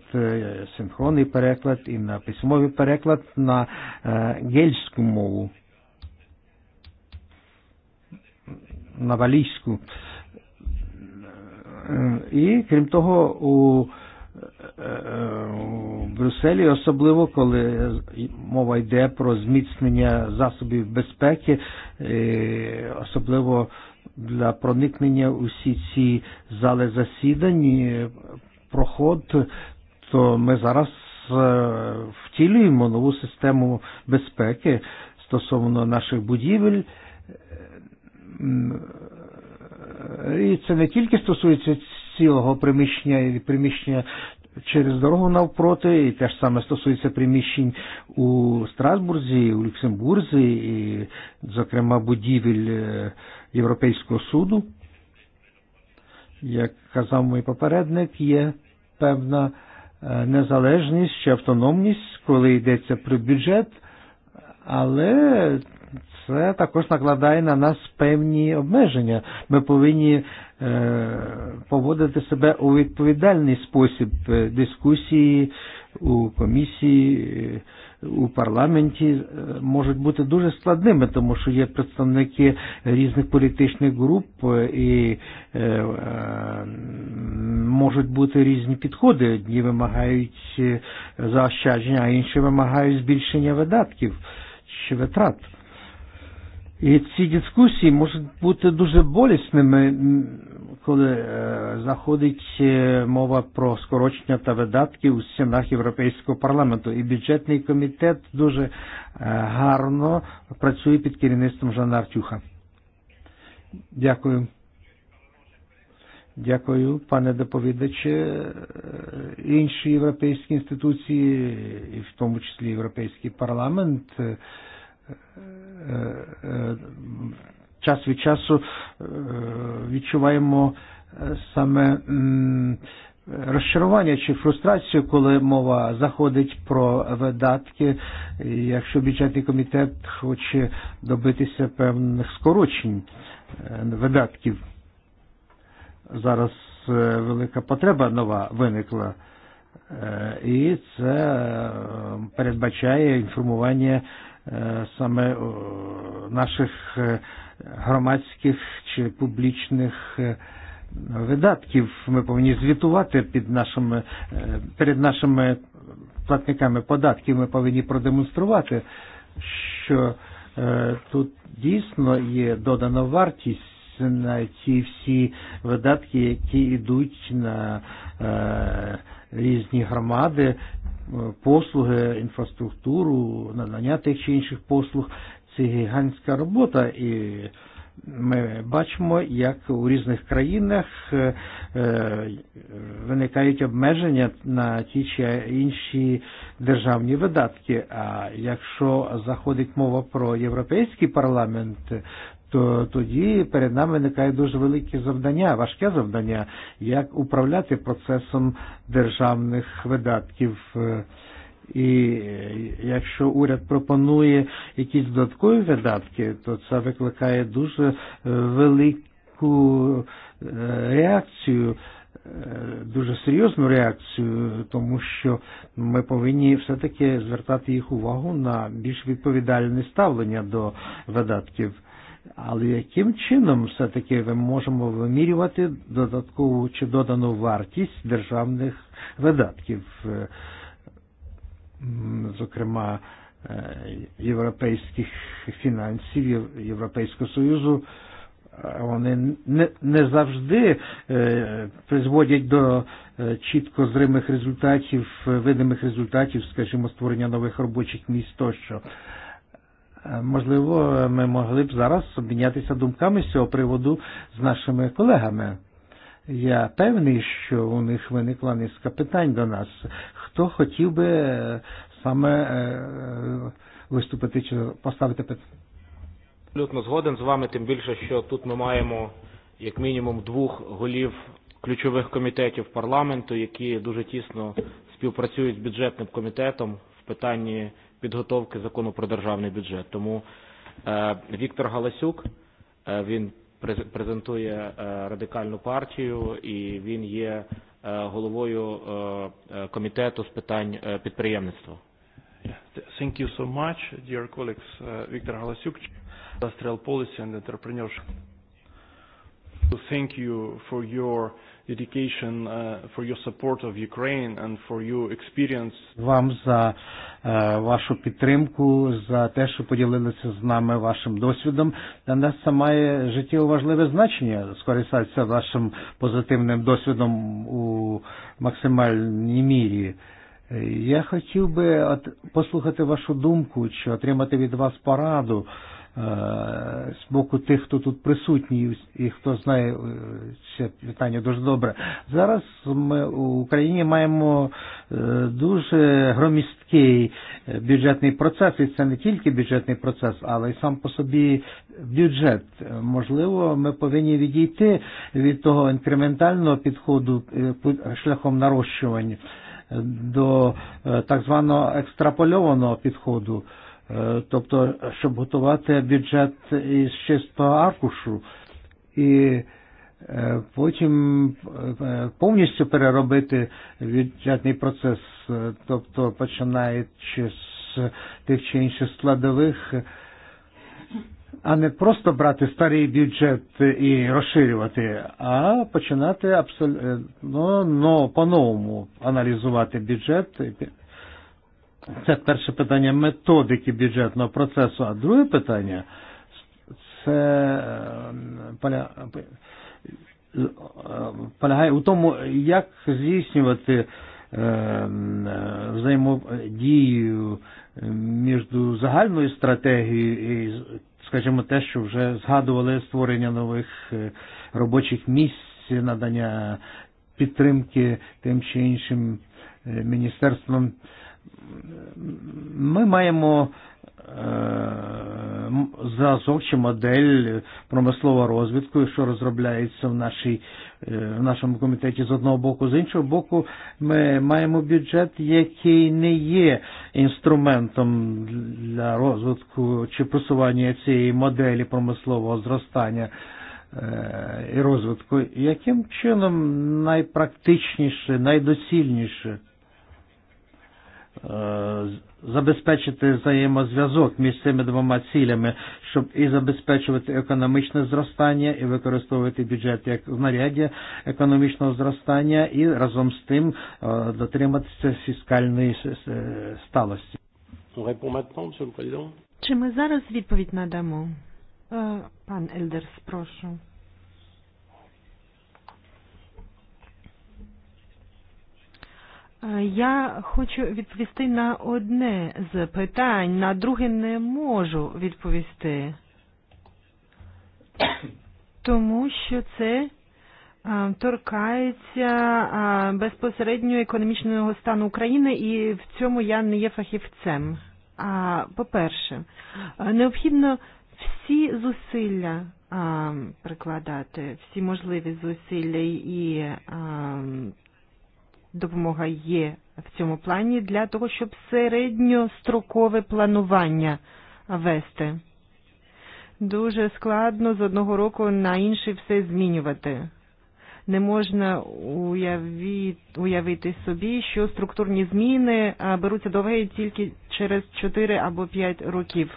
Speaker 2: синхронний переклад і на письмовий переклад на е, гельську мову, на валійську. І крім того, у, е, у Брюсселі, особливо коли мова йде про зміцнення засобів безпеки, особливо для проникнення усі ці зали засідань, проход, то ми зараз втілюємо нову систему безпеки стосовно наших будівель. І це не тільки стосується цілого приміщення і приміщення через дорогу навпроти, і те ж саме стосується приміщень у Страсбурзі, у Люксембурзі, і, зокрема, будівель Європейського э, суду. Як казав мій попередник, є певна э, незалежність чи автономність, коли йдеться про бюджет, але це також накладає на нас певні обмеження. Ми повинні поводити себе у відповідальний спосіб дискусії у комісії у парламенті можуть бути дуже складними, тому що є представники різних політичних груп і е, можуть бути різні підходи. Одні вимагають заощадження, а інші вимагають збільшення видатків чи витрат. Е, І ці дискусії можуть бути дуже болісними, коли э, заходить э, мова про скорочення та видатки у стінах Європейського парламенту. І бюджетний комітет дуже гарно працює під керівництвом Жанна Артюха. Дякую. Дякую, пане доповідаче. Інші європейські інституції, і в тому числі Європейський парламент, час від часу відчуваємо саме розчарування чи фрустрацію, коли мова заходить про видатки, якщо бюджетний комітет хоче добитися певних скорочень видатків. Зараз велика потреба нова виникла. І це передбачає інформування саме наших громадських чи публічних видатків. Ми повинні звітувати під нашими, перед нашими платниками податків, ми повинні продемонструвати, що тут дійсно є додана вартість на ці всі видатки, які йдуть на різні громади послуги, інфраструктуру, надання тих чи інших послуг. Це гігантська робота і ми бачимо, як у різних країнах виникають обмеження на ті чи інші державні видатки. А якщо заходить мова про Європейський парламент, то тоді перед нами виникає дуже великі завдання, важке завдання, як управляти процесом державних видатків. І якщо уряд пропонує якісь додаткові видатки, то це викликає дуже велику реакцію дуже серйозну реакцію, тому що ми повинні все-таки звертати їх увагу на більш відповідальне ставлення до видатків. Але яким чином все-таки ми можемо вимірювати додаткову чи додану вартість державних видатків, зокрема європейських фінансів, Європейського Союзу, вони не, завжди призводять до чітко зримих результатів, видимих результатів, скажімо, створення нових робочих місць тощо. Можливо, ми могли б зараз обмінятися думками з цього приводу з нашими колегами. Я певний, що у них виникла низка питань до нас. Хто хотів би саме виступити чи поставити питання?
Speaker 4: Абсолютно згоден з вами, тим більше, що тут ми маємо як мінімум двох голів ключових комітетів парламенту, які дуже тісно співпрацюють з бюджетним комітетом в питанні підготовки закону про державний бюджет. Тому Віктор Галасюк, він презентує радикальну партію і він є головою комітету з питань підприємництва.
Speaker 2: Thank you so much, dear colleagues. Uh, Viktor Halasyuk, Industrial Policy and Entrepreneurship. thank you for your dedication, uh, for your support of Ukraine and for your experience. Вам за вашу підтримку, за те, що поділилися з нами вашим досвідом. Для нас це має життєво важливе значення скористатися вашим позитивним досвідом у максимальній мірі. Я хотів би послухати вашу думку чи отримати від вас пораду. Uh, з боку тих, хто тут присутній і хто знає це питання дуже добре. Зараз ми в Україні маємо дуже громісткий бюджетний процес, і це не тільки бюджетний процес, але й сам по собі бюджет. Можливо, ми повинні відійти від того інкрементального підходу шляхом нарощування до так званого екстрапольованого підходу тобто, щоб готувати бюджет із чистого аркушу і потім повністю переробити бюджетний процес, тобто починаючи з тих чи інших складових, а не просто брати старий бюджет і розширювати, а починати абсолютно по-новому аналізувати бюджет Це перше питання методики бюджетного процесу, а друге питання це полягає у тому, як здійснювати взаємодію між загальною стратегією і, скажімо, те, що вже згадували створення нових робочих місць, надання підтримки тим чи іншим міністерствам ми маємо зразок чи модель промислового розвитку, що розробляється в, нашій, в нашому комітеті з одного боку, з іншого боку, ми маємо бюджет, який не є інструментом для розвитку чи просування цієї моделі промислового зростання і розвитку. Яким чином найпрактичніше, найдоцільніше – Э, забезпечити взаємозв'язок між цими двома цілями, щоб і забезпечувати економічне зростання, і використовувати бюджет як знаряддя економічного зростання, і разом з тим дотриматися фіскальної сталості.
Speaker 3: Чи ми зараз відповідь надамо? Пан Елдерс, прошу. Я хочу відповісти на одне з питань, на друге не можу відповісти. Тому що це торкається безпосередньо економічного стану України і в цьому я не є фахівцем. А по-перше, необхідно всі зусилля прикладати, всі можливі зусилля і допомога є в цьому плані для того, щоб середньострокове планування вести. Дуже складно з одного року на інший все змінювати. Не можна уявити собі, що структурні зміни беруться до тільки через 4 або 5 років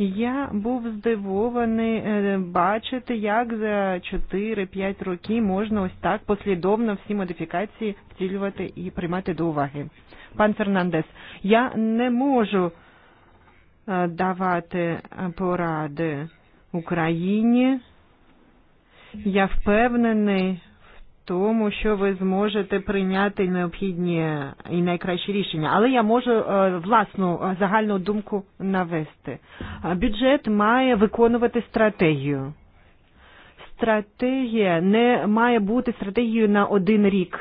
Speaker 3: Я був здивований бачити, як за 4-5 років можна ось так послідовно всі модифікації втілювати і приймати до уваги. Пан Фернандес, я не можу давати поради Україні. Я впевнений тому, що ви зможете прийняти необхідні і найкращі рішення. Але я можу власну загальну думку навести. Бюджет має виконувати стратегію. Стратегія не має бути стратегією на один рік.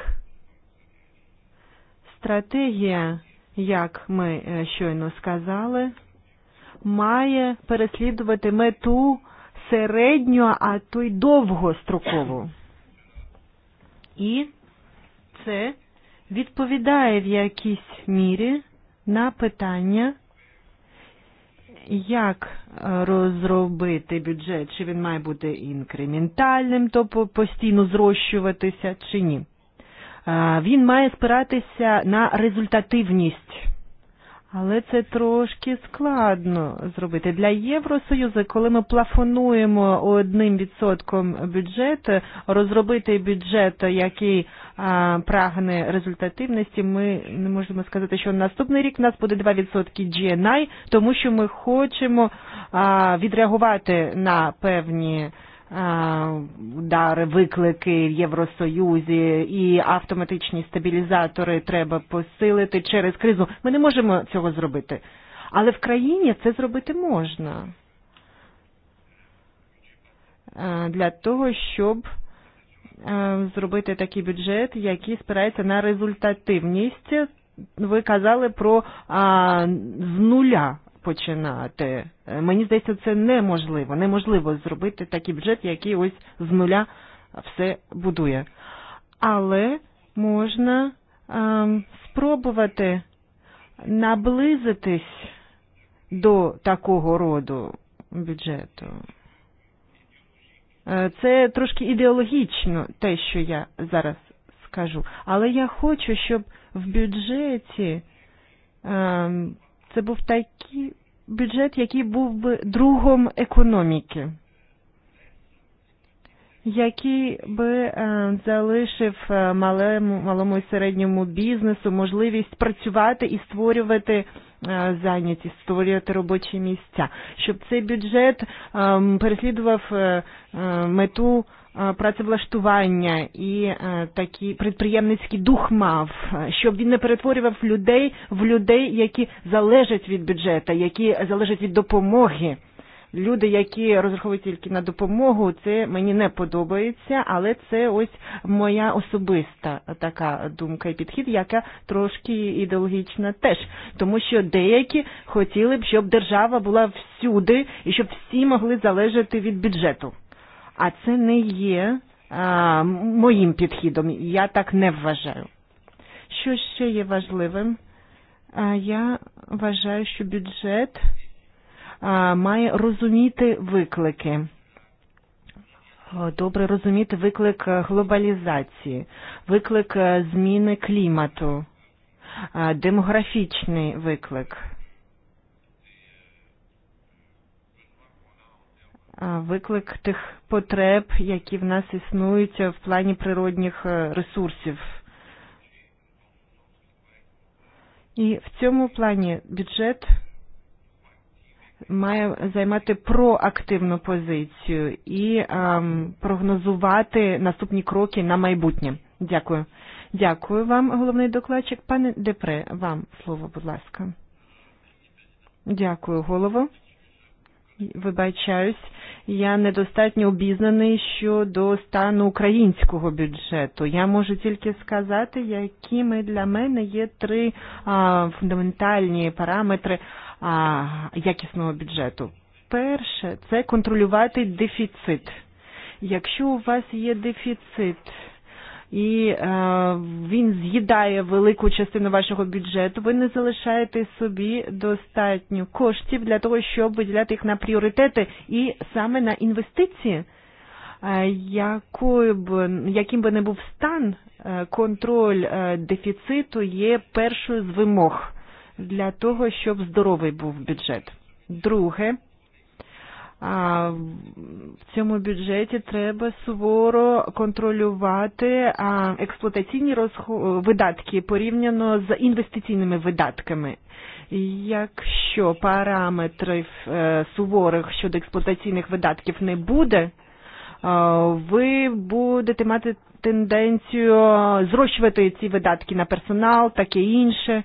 Speaker 3: Стратегія, як ми щойно сказали, має переслідувати мету середню, а то й довгострокову і це відповідає в якійсь мірі на питання, як розробити бюджет, чи він має бути інкрементальним, тобто постійно зрощуватися, чи ні. Він має спиратися на результативність Але це трошки складно зробити для Євросоюзу, коли ми плафонуємо одним відсотком бюджету, розробити бюджет, який а, прагне результативності. Ми не можемо сказати, що наступний рік у нас буде 2% GNI, тому що ми хочемо а, відреагувати на певні удари, виклики в Євросоюзі і автоматичні стабілізатори треба посилити через кризу. Ми не можемо цього зробити. Але в країні це зробити можна. Для того, щоб зробити такий бюджет, який спирається на результативність. Ви казали про а, з нуля починати. Мені здається, це неможливо. Неможливо зробити такий бюджет, який ось з нуля все будує. Але можна ем, спробувати наблизитись до такого роду бюджету. Це трошки ідеологічно те, що я зараз скажу. Але я хочу, щоб в бюджеті ем, Це був такий бюджет, який був би другом економіки, який би залишив малому, малому і середньому бізнесу можливість працювати і створювати зайнятість, створювати робочі місця, щоб цей бюджет переслідував мету працевлаштування і такий предприємницький дух мав, щоб він не перетворював людей в людей, які залежать від бюджету, які залежать від допомоги. Люди, які розраховують тільки на допомогу, це мені не подобається, але це ось моя особиста така думка і підхід, яка трошки ідеологічна теж. Тому що деякі хотіли б, щоб держава була всюди і щоб всі могли залежати від бюджету. А це не є а, моїм підхідом. Я так не вважаю. Що ще є важливим? А, я вважаю, що бюджет має розуміти виклики. Добре розуміти виклик глобалізації, виклик зміни клімату, демографічний виклик – виклик тих потреб, які в нас існують в плані природних ресурсів. І в цьому плані бюджет має займати проактивну позицію і ем, прогнозувати наступні кроки на майбутнє. Дякую. Дякую вам, головний докладчик. Пане Депре, вам слово, будь ласка. Дякую, голово вибачаюсь, я недостатньо обізнаний щодо стану українського бюджету. Я можу тільки сказати, якими для мене є три а, фундаментальні параметри а, якісного бюджету. Перше це контролювати дефіцит. Якщо у вас є дефіцит, і він з'їдає велику частину вашого бюджету, ви не залишаєте собі достатньо коштів для того, щоб виділяти їх на пріоритети і саме на інвестиції якою б, яким би не був стан, контроль дефіциту є першою з вимог для того, щоб здоровий був бюджет. Друге, А в цьому бюджеті треба суворо контролювати експлуатаційні розху... видатки порівняно з інвестиційними видатками. Якщо параметрів суворих щодо експлуатаційних видатків не буде, ви будете мати тенденцію зрощувати ці видатки на персонал, таке інше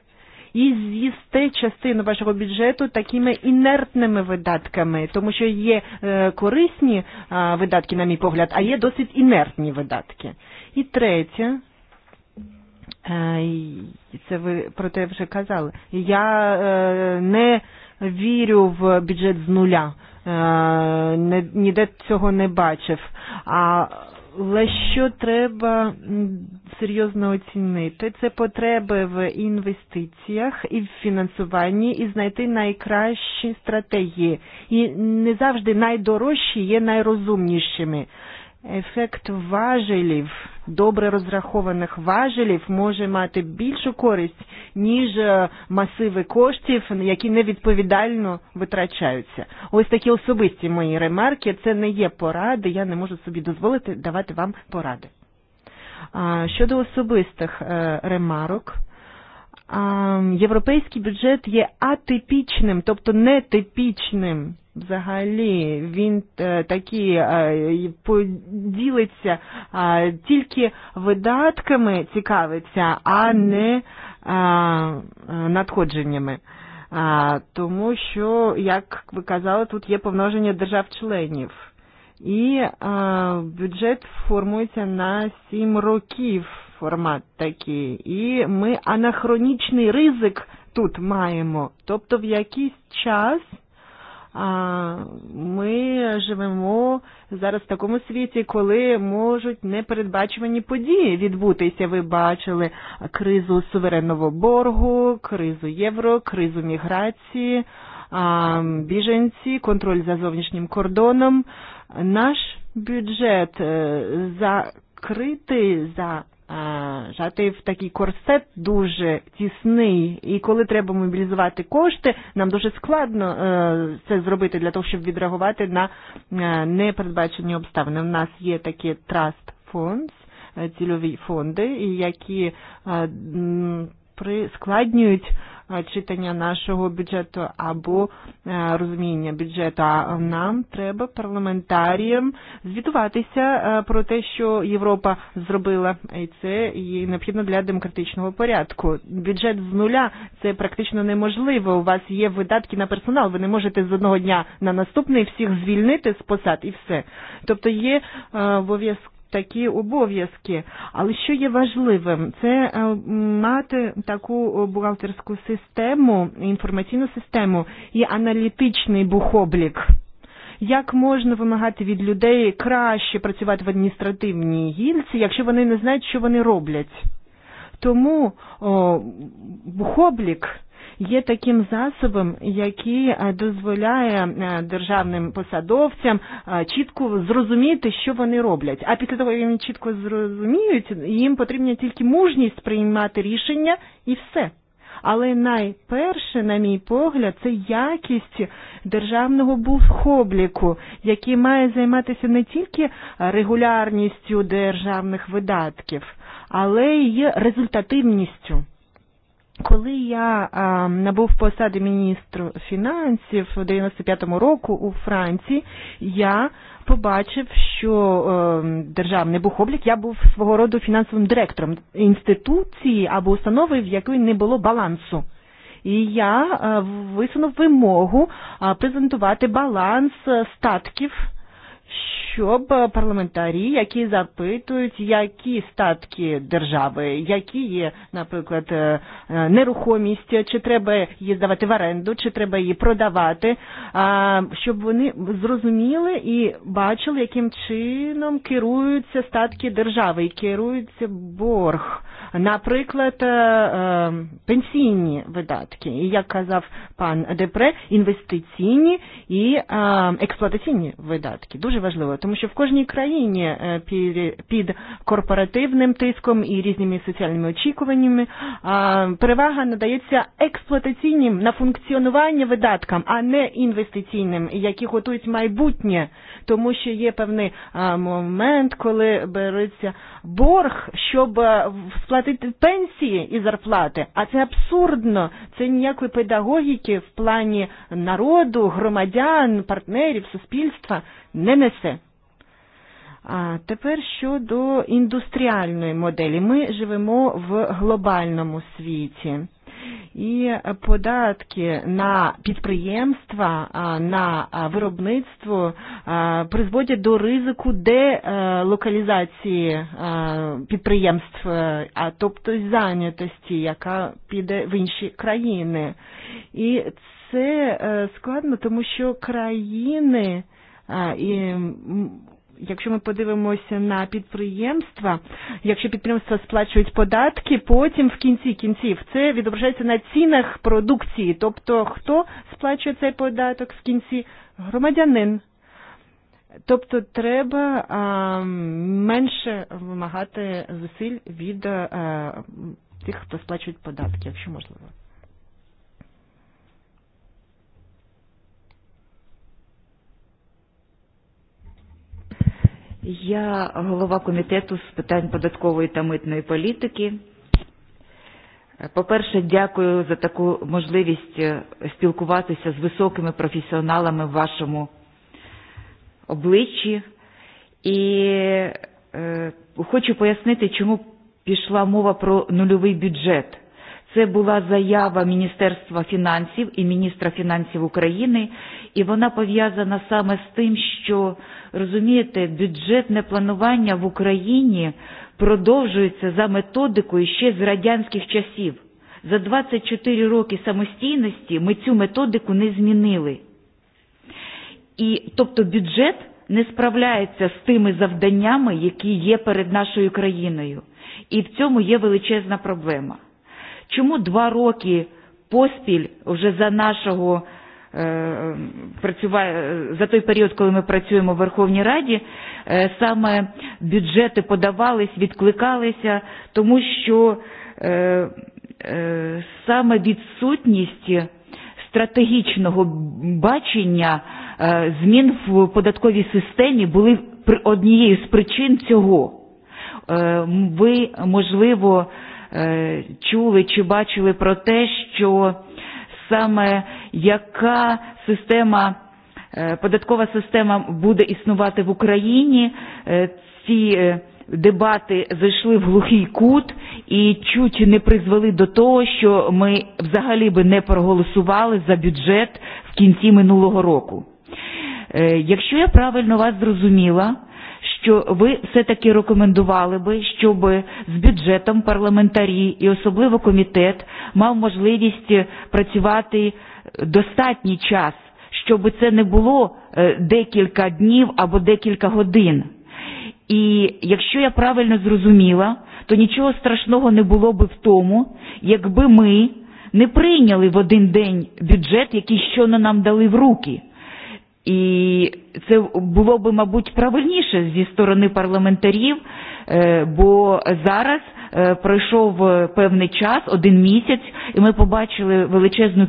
Speaker 3: і з'їсти частину вашого бюджету такими інертними видатками, тому що є э, корисні видатки, на мій погляд, а є досить інертні видатки. І третє, це ви про те вже казали, я э, не вірю в бюджет з нуля. Э, Ніде цього не бачив. А що треба серйозно оцінити, це потреби в інвестиціях і в фінансуванні, і знайти найкращі стратегії. І не завжди найдорожчі є найрозумнішими. Ефект важелів, добре розрахованих важелів може мати більшу користь, ніж масиви коштів, які невідповідально витрачаються. Ось такі особисті мої ремарки, це не є поради, я не можу собі дозволити давати вам поради. Щодо особистих ремарок, європейський бюджет є атипічним, тобто нетипічним Взагалі він такі поділиться тільки видатками цікавиться, а не надходженнями. Тому що, як ви казали, тут є помноження держав-членів. І бюджет формується на 7 років формат такий. І ми анахронічний ризик тут маємо. Тобто в якийсь час – А ми живемо зараз в такому світі, коли можуть непередбачувані події відбутися. Ви бачили кризу суверенного боргу, кризу євро, кризу міграції, біженці, контроль за зовнішнім кордоном. Наш бюджет закритий за в такий корсет дуже тісний, і коли треба мобілізувати кошти, нам дуже складно це зробити для того, щоб відреагувати на непередбачені обставини. У нас є такі траст фонд, цільові фонди, які прискладнюють читання нашого бюджету або розуміння бюджету. Нам треба парламентаріям звітуватися про те, що Європа зробила, і це і необхідно для демократичного порядку. Бюджет з нуля це практично неможливо. У вас є видатки на персонал, ви не можете з одного дня на наступний всіх звільнити з посад і все. Тобто є обов'язково такі обов'язки. Але що є важливим, це мати таку бухгалтерську систему, інформаційну систему і аналітичний бухоблік. Як можна вимагати від людей краще працювати в адміністративній гільці, якщо вони не знають, що вони роблять? Тому о, бухоблік є таким засобом, який дозволяє державним посадовцям чітко зрозуміти, що вони роблять. А після того, як вони чітко зрозуміють, їм потрібна тільки мужність приймати рішення і все. Але найперше, на мій погляд, це якість державного бухобліку, який має займатися не тільки регулярністю державних видатків, але й результативністю. Коли я а, набув посади міністру фінансів у 95-му року у Франції, я побачив, що е, державний бухоблік, я був свого роду фінансовим директором інституції або установи, в якої не було балансу. І я е, висунув вимогу е, презентувати баланс статків е, щоб парламентарі, які запитують, які статки держави, які є, наприклад, нерухомість, чи треба її здавати в оренду, чи треба її продавати, щоб вони зрозуміли і бачили, яким чином керуються статки держави і керується борг. Наприклад, пенсійні видатки, і як казав пан Депре, інвестиційні і експлуатаційні видатки. Дуже важливо, тому що в кожній країні під корпоративним тиском і різними соціальними очікуваннями перевага надається експлуатаційним на функціонування видаткам, а не інвестиційним, які готують майбутнє, тому що є певний момент, коли береться борг, щоб сплатити пенсії і зарплати. А це абсурдно. Це ніякої педагогіки в плані народу, громадян, партнерів, суспільства не несе. А тепер щодо індустріальної моделі. Ми живемо в глобальному світі. І податки на підприємства, на виробництво призводять до ризику делокалізації підприємств, а тобто зайнятості, яка піде в інші країни. І це складно, тому що країни І Якщо ми подивимося на підприємства, якщо підприємства сплачують податки, потім в кінці кінців це відображається на цінах продукції. Тобто, хто сплачує цей податок в кінці? Громадянин. Тобто треба а, менше вимагати зусиль від а, тих, хто сплачують податки, якщо можливо.
Speaker 5: Я голова комітету з питань податкової та митної політики. По-перше, дякую за таку можливість спілкуватися з високими професіоналами в вашому обличчі. І е, хочу пояснити, чому пішла мова про нульовий бюджет. Це була заява Міністерства фінансів і міністра фінансів України, і вона пов'язана саме з тим, що розумієте, бюджетне планування в Україні продовжується за методикою ще з радянських часів. За 24 роки самостійності ми цю методику не змінили. І тобто бюджет не справляється з тими завданнями, які є перед нашою країною. І в цьому є величезна проблема. Чому два роки поспіль вже за нашого за той період, коли ми працюємо в Верховній Раді, саме бюджети подавались, відкликалися, тому що саме відсутність стратегічного бачення змін в податковій системі були однією з причин цього. Ви, можливо, чули чи бачили про те, що саме яка система, податкова система буде існувати в Україні, ці дебати зайшли в глухий кут і чуть не призвели до того, що ми взагалі би не проголосували за бюджет в кінці минулого року. Якщо я правильно вас зрозуміла, що ви все-таки рекомендували би, щоб з бюджетом парламентарі і особливо комітет мав можливість працювати достатній час, щоб це не було декілька днів або декілька годин. І якщо я правильно зрозуміла, то нічого страшного не було би в тому, якби ми не прийняли в один день бюджет, який щойно нам дали в руки – І це було би, мабуть, правильніше зі сторони парламентарів, бо зараз пройшов певний час, один місяць, і ми побачили величезну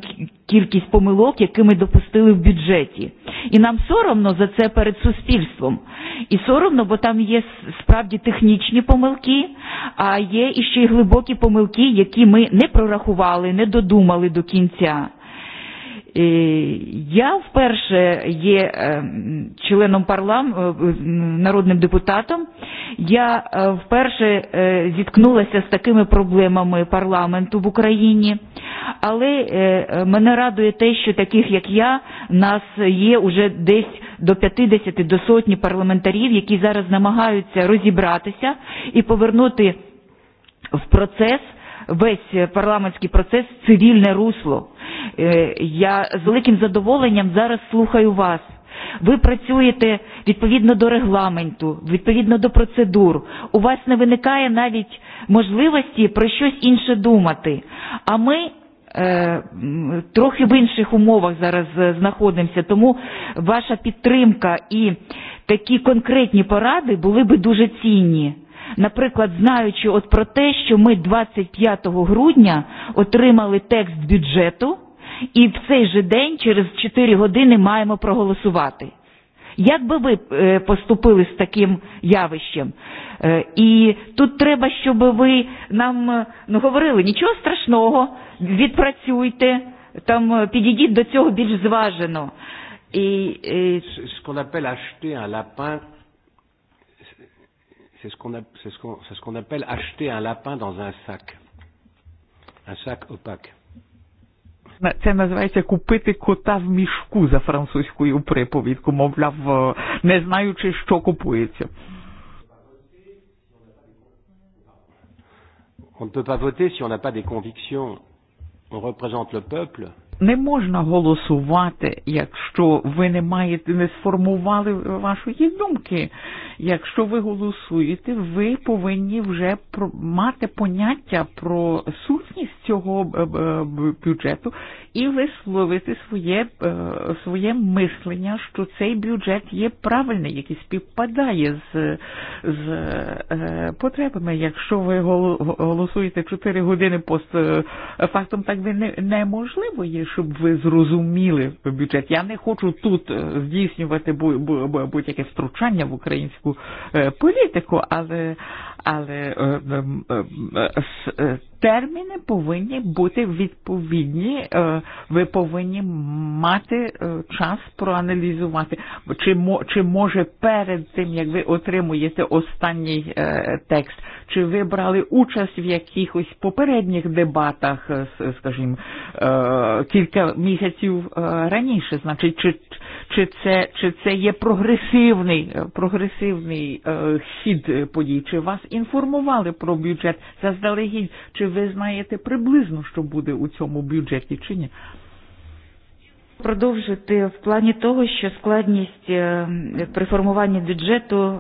Speaker 5: кількість помилок, які ми допустили в бюджеті. І нам соромно за це перед суспільством. І соромно, бо там є справді технічні помилки, а є іще й глибокі помилки, які ми не прорахували, не додумали до кінця. Я вперше є членом парлам народним депутатом. Я вперше зіткнулася з такими проблемами парламенту в Україні. Але мене радує те, що таких як я нас є уже десь до 50 до сотні парламентарів, які зараз намагаються розібратися і повернути в процес весь парламентський процес цивільне русло я з великим задоволенням зараз слухаю вас. Ви працюєте відповідно до регламенту, відповідно до процедур. У вас не виникає навіть можливості про щось інше думати. А ми трохи в інших умовах зараз знаходимося, тому ваша підтримка і такі конкретні поради були би дуже цінні. Наприклад, знаючи от про те, що ми 25 грудня отримали текст бюджету, і в цей же день, через 4 години, маємо проголосувати. Як би ви поступили з таким явищем? І тут треба, щоб ви нам ну, говорили, нічого страшного, відпрацюйте, там підійдіть до цього більш зважено. І, і... Ce qu'on appelle acheter un lapin,
Speaker 2: c'est ce qu'on ce qu qu appelle acheter un lapin dans un sac, un sac opaque
Speaker 6: це називається купити кота в мішку за французькою приповідку, мовляв, не знаючи, що купується.
Speaker 2: On ne peut pas voter si on n'a pas des convictions. On représente le peuple
Speaker 6: Не можна голосувати, якщо ви не маєте, не сформували вашої думки. Якщо ви голосуєте, ви повинні вже мати поняття про сутність цього бюджету і висловити своє, своє мислення, що цей бюджет є правильний, який співпадає з, з потребами. Якщо ви голосуєте 4 години пост фактом, так ви не, неможливо є, щоб ви зрозуміли бюджет. Я не хочу тут здійснювати будь-яке втручання в українську політику, але але терміни повинні бути відповідні. Ви повинні мати час проаналізувати, чи чи може перед тим, як ви отримуєте останній текст, чи ви брали участь в якихось попередніх дебатах, скажімо, кілька місяців раніше, значить, чи чи це, чи це є прогресивний, прогресивний е, хід подій, чи вас інформували про бюджет заздалегідь, чи ви знаєте приблизно, що буде у цьому бюджеті, чи ні?
Speaker 5: Продовжити в плані того, що складність при формуванні бюджету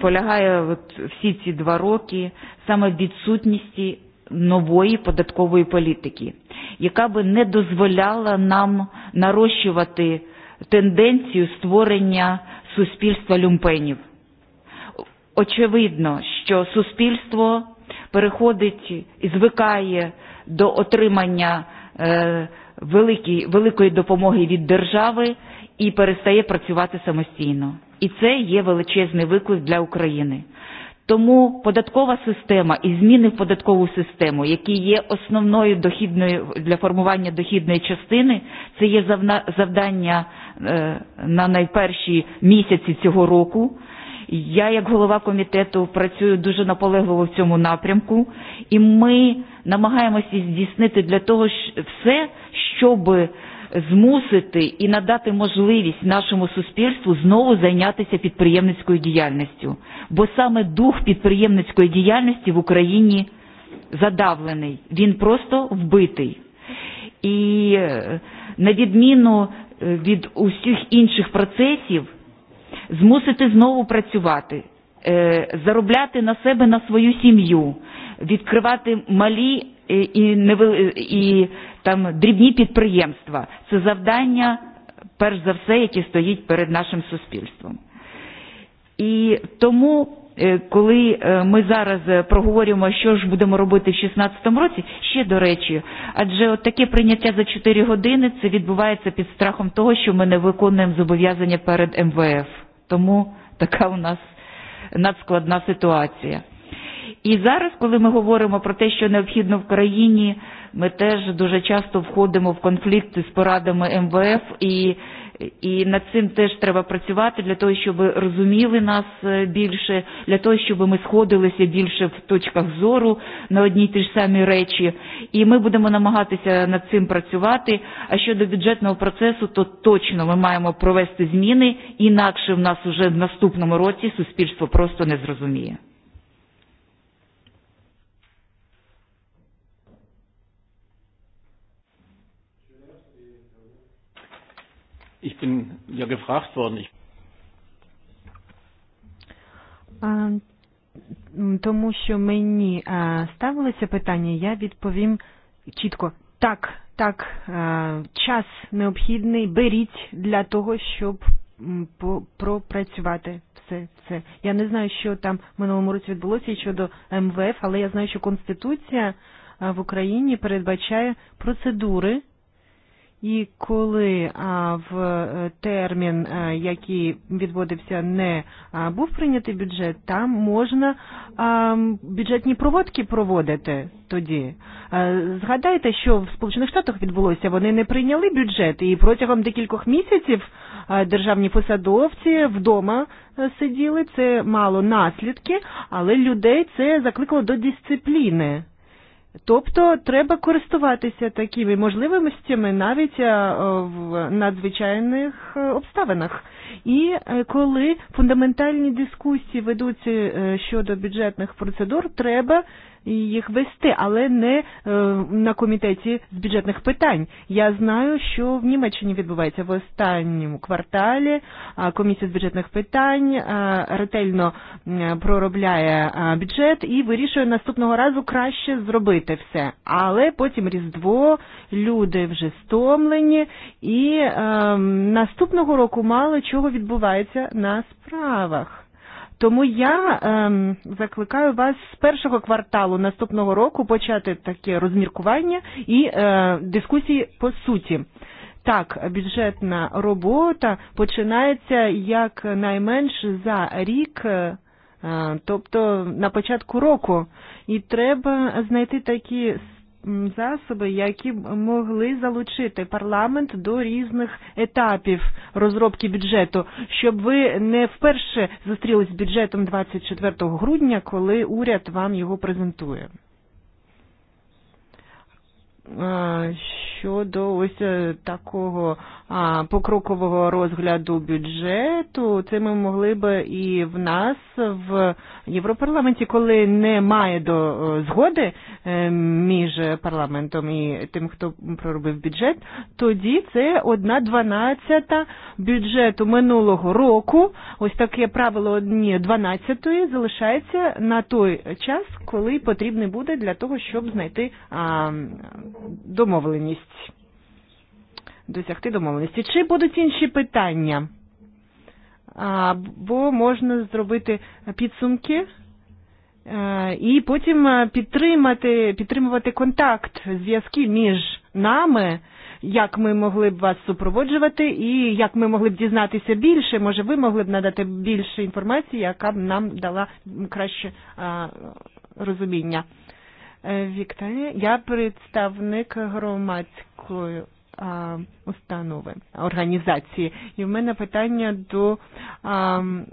Speaker 5: полягає от всі ці два роки саме в відсутності нової податкової політики, яка би не дозволяла нам нарощувати тенденцію створення суспільства люмпенів. Очевидно, що суспільство переходить і звикає до отримання е, великої допомоги від держави і перестає працювати самостійно. І це є величезний виклик для України. Тому податкова система і зміни в податкову систему, які є основною дохідною для формування дохідної частини, це є завдання на найперші місяці цього року. Я, як голова комітету, працюю дуже наполегливо в цьому напрямку, і ми намагаємося здійснити для того, все, щоб змусити і надати можливість нашому суспільству знову зайнятися підприємницькою діяльністю, бо саме дух підприємницької діяльності в Україні задавлений, він просто вбитий. І на відміну від усіх інших процесів, змусити знову працювати, заробляти на себе, на свою сім'ю, відкривати малі і, невели там дрібні підприємства. Це завдання, перш за все, яке стоїть перед нашим суспільством. І тому, коли ми зараз проговорюємо, що ж будемо робити в 2016 році, ще до речі, адже от таке прийняття за 4 години це відбувається під страхом того, що ми не виконуємо зобов'язання перед МВФ. Тому така у нас надскладна ситуація. І зараз, коли ми говоримо про те, що необхідно в країні Ми теж дуже часто входимо в конфлікти з порадами МВФ і і над цим теж треба працювати для того, щоб розуміли нас більше, для того, щоб ми сходилися більше в точках зору на одні й ті ж самі речі. І ми будемо намагатися над цим працювати. А щодо бюджетного процесу, то точно ми маємо провести зміни, інакше в нас уже в наступному році суспільство просто не зрозуміє.
Speaker 2: ich bin ja gefragt worden. Ich
Speaker 3: тому що мені а, ставилося питання, я відповім чітко так, так, а, час необхідний, беріть для того, щоб по, пропрацювати все це. Я не знаю, що там минулому році відбулося щодо МВФ, але я знаю, що Конституція в Україні передбачає процедури І коли а, в термін, а, який відводився, не а, був прийнятий бюджет, там можна а, бюджетні проводки проводити тоді. А, згадайте, що в Сполучених Штатах відбулося, вони не прийняли бюджет, і протягом декількох місяців а, державні посадовці вдома сиділи, це мало наслідки, але людей це закликало до дисципліни. Тобто треба користуватися такими можливостями навіть в надзвичайних обставинах. І коли фундаментальні дискусії ведуться щодо бюджетних процедур, треба їх вести, але не на комітеті з бюджетних питань. Я знаю, що в Німеччині відбувається в останньому кварталі. Комісія з бюджетних питань ретельно проробляє бюджет і вирішує наступного разу краще зробити все. Але потім Різдво, люди вже стомлені, і наступного року мало чого відбувається на справах. Тому я ем, закликаю вас з першого кварталу наступного року почати таке розміркування і е, дискусії по суті. Так, бюджетна робота починається як найменш за рік, тобто на початку року. І треба знайти такі засоби, які могли залучити парламент до різних етапів розробки бюджету, щоб ви не вперше зустрілись з бюджетом 24 грудня, коли уряд вам його презентує. Щодо ось такого а, покрокового розгляду бюджету, це ми могли б і в нас в Європарламенті, коли немає до згоди між парламентом і тим, хто проробив бюджет, тоді це одна дванадцята бюджету минулого року. Ось таке правило одні дванадцятої залишається на той час, коли потрібний буде для того, щоб знайти а, домовленість. Досягти домовленості. Чи будуть інші питання? або можна зробити підсумки і потім підтримати, підтримувати контакт, зв'язки між нами, як ми могли б вас супроводжувати і як ми могли б дізнатися більше, може ви могли б надати більше інформації, яка б нам дала краще а, розуміння. Вікторія, я представник громадської установи, організації. І в мене питання до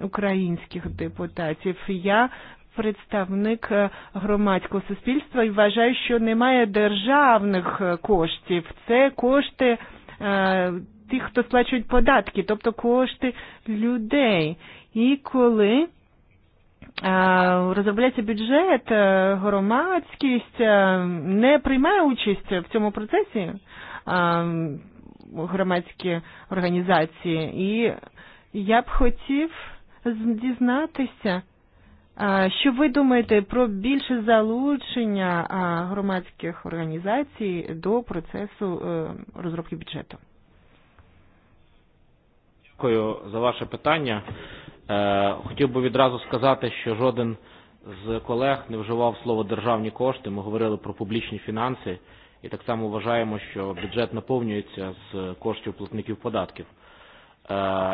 Speaker 3: українських депутатів. Я представник э, громадського суспільства і вважаю, що немає державних коштів. Це кошти тих, хто сплачують податки, тобто кошти людей. І коли розробляється бюджет, громадськість не приймає участь в цьому процесі, громадські організації. І я б хотів дізнатися, що ви думаєте про більше залучення громадських організацій до процесу розробки бюджету?
Speaker 4: Дякую за ваше питання. Хотів би відразу сказати, що жоден з колег не вживав слово державні кошти. Ми говорили про публічні фінанси. І так само вважаємо, що бюджет наповнюється з коштів платників податків.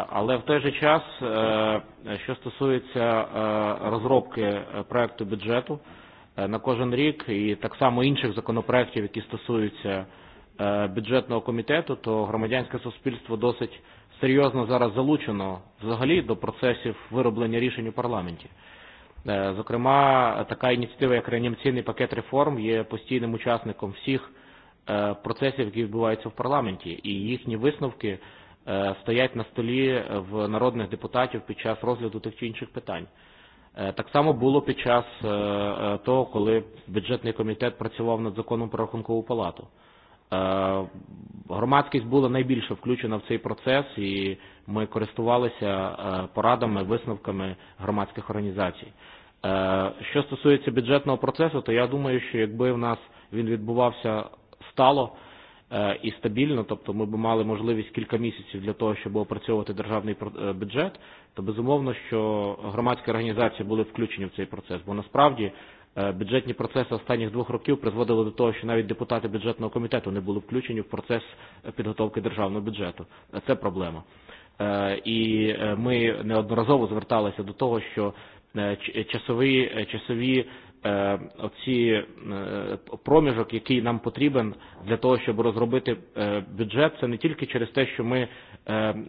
Speaker 4: Але в той же час, що стосується розробки проекту бюджету на кожен рік і так само інших законопроектів, які стосуються бюджетного комітету, то громадянське суспільство досить серйозно зараз залучено взагалі до процесів вироблення рішень у парламенті. Э, Зокрема, така ініціатива, як реанімаційний пакет реформ, є постійним учасником всіх э, процесів, які відбуваються в парламенті, і їхні висновки э, стоять на столі в народних депутатів під час розгляду тих чи інших питань. Так само було під час того, коли бюджетний комітет працював над законом про рахункову палату. Громадськість була найбільше включена в цей процес, і ми користувалися порадами, висновками громадських організацій. Що стосується бюджетного процесу, то я думаю, що якби в нас він відбувався стало і стабільно, тобто ми б мали можливість кілька місяців для того, щоб опрацьовувати державний бюджет, то безумовно, що громадські організації були включені в цей процес, бо насправді бюджетні процеси останніх двох років призводили до того, що навіть депутати бюджетного комітету не були включені в процес підготовки державного бюджету. Це проблема. І ми неодноразово зверталися до того, що часові, часові оці проміжок, який нам потрібен для того, щоб розробити э, бюджет, це не тільки через те, що ми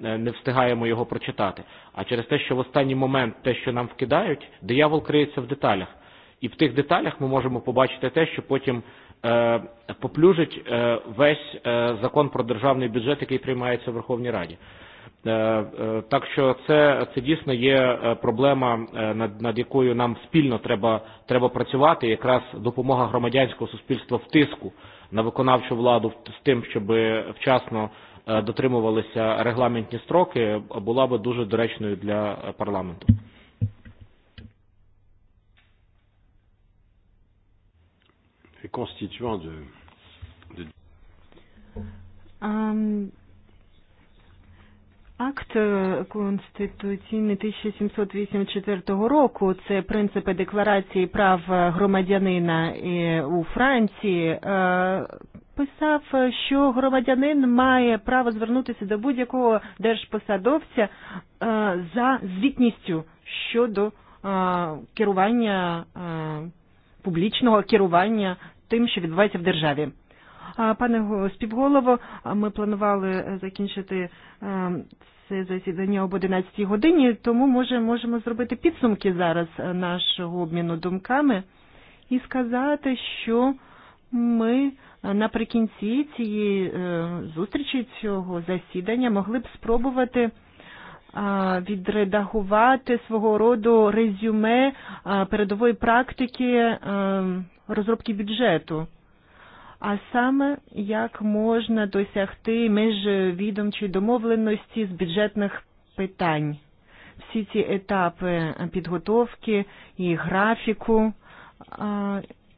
Speaker 4: не встигаємо його прочитати, а через те, що в останній момент те, що нам вкидають, диявол криється в деталях. І в тих деталях ми можемо побачити те, що потім поплюжить весь закон про державний бюджет, який приймається в Верховній Раді. Так що це, це дійсно є проблема, над, над якою нам спільно треба, треба працювати, якраз допомога громадянського суспільства в тиску на виконавчу владу з тим, щоб вчасно дотримувалися регламентні строки, була би дуже доречною для парламенту.
Speaker 3: Um, Акт э, Конституційний 1784 року це принципи декларації прав громадянина у Франції писав, що громадянин має право звернутися до будь-якого держпосадовця за звітністю щодо керування публічного керування тим, що відбувається в державі. Пане співголово, ми планували закінчити це засідання об 11 годині, тому може можемо зробити підсумки зараз нашого обміну думками і сказати, що ми наприкінці цієї зустрічі цього засідання могли б спробувати відредагувати свого роду резюме передової практики розробки бюджету а саме як можна досягти меж відом чи домовленості з бюджетних питань. Всі ці етапи підготовки і графіку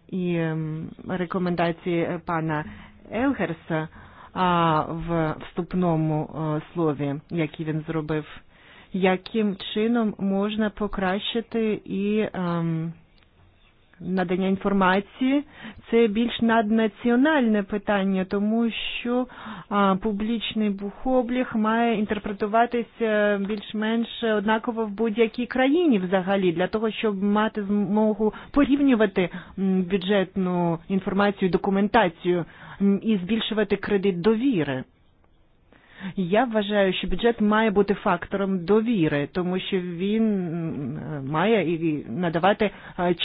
Speaker 3: і рекомендації пана Елгерса в вступному слові, які він зробив, яким чином можна покращити і надання інформації. Це більш наднаціональне питання, тому що а, публічний бухоблік має інтерпретуватися більш-менш однаково в будь-якій країні взагалі, для того, щоб мати змогу порівнювати бюджетну інформацію, документацію і збільшувати кредит довіри. Я вважаю, що бюджет має бути фактором довіри, тому що він має і надавати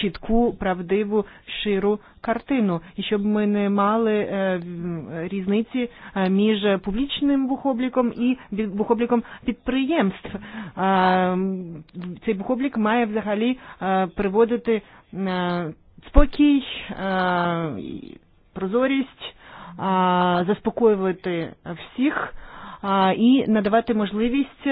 Speaker 3: чітку, правдиву, ширу картину, і щоб ми не мали різниці між публічним бухобліком і бухобліком підприємств. Цей бухоблік має взагалі приводити спокій, прозорість, заспокоювати всіх і надавати можливість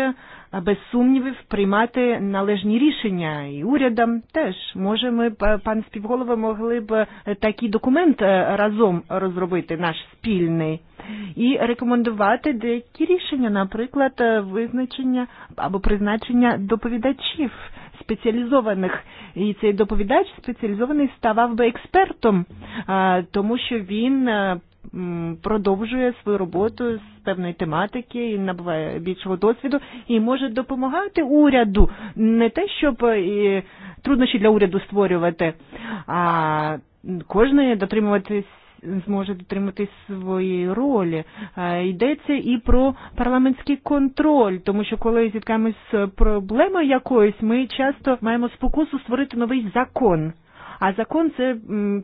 Speaker 3: без сумнівів приймати належні рішення і урядам теж. Може, ми, пан співголова, могли б такий документ разом розробити, наш спільний, і рекомендувати деякі рішення, наприклад, визначення або призначення доповідачів спеціалізованих. І цей доповідач спеціалізований ставав би експертом, тому що він продовжує свою роботу з певної тематики і набуває більшого досвіду і може допомагати уряду не те, щоб і труднощі для уряду створювати, а кожен дотримуватись зможе дотримати свої ролі. Йдеться і про парламентський контроль, тому що коли зіткаємось з проблемою якоюсь, ми часто маємо спокусу створити новий закон. А закон це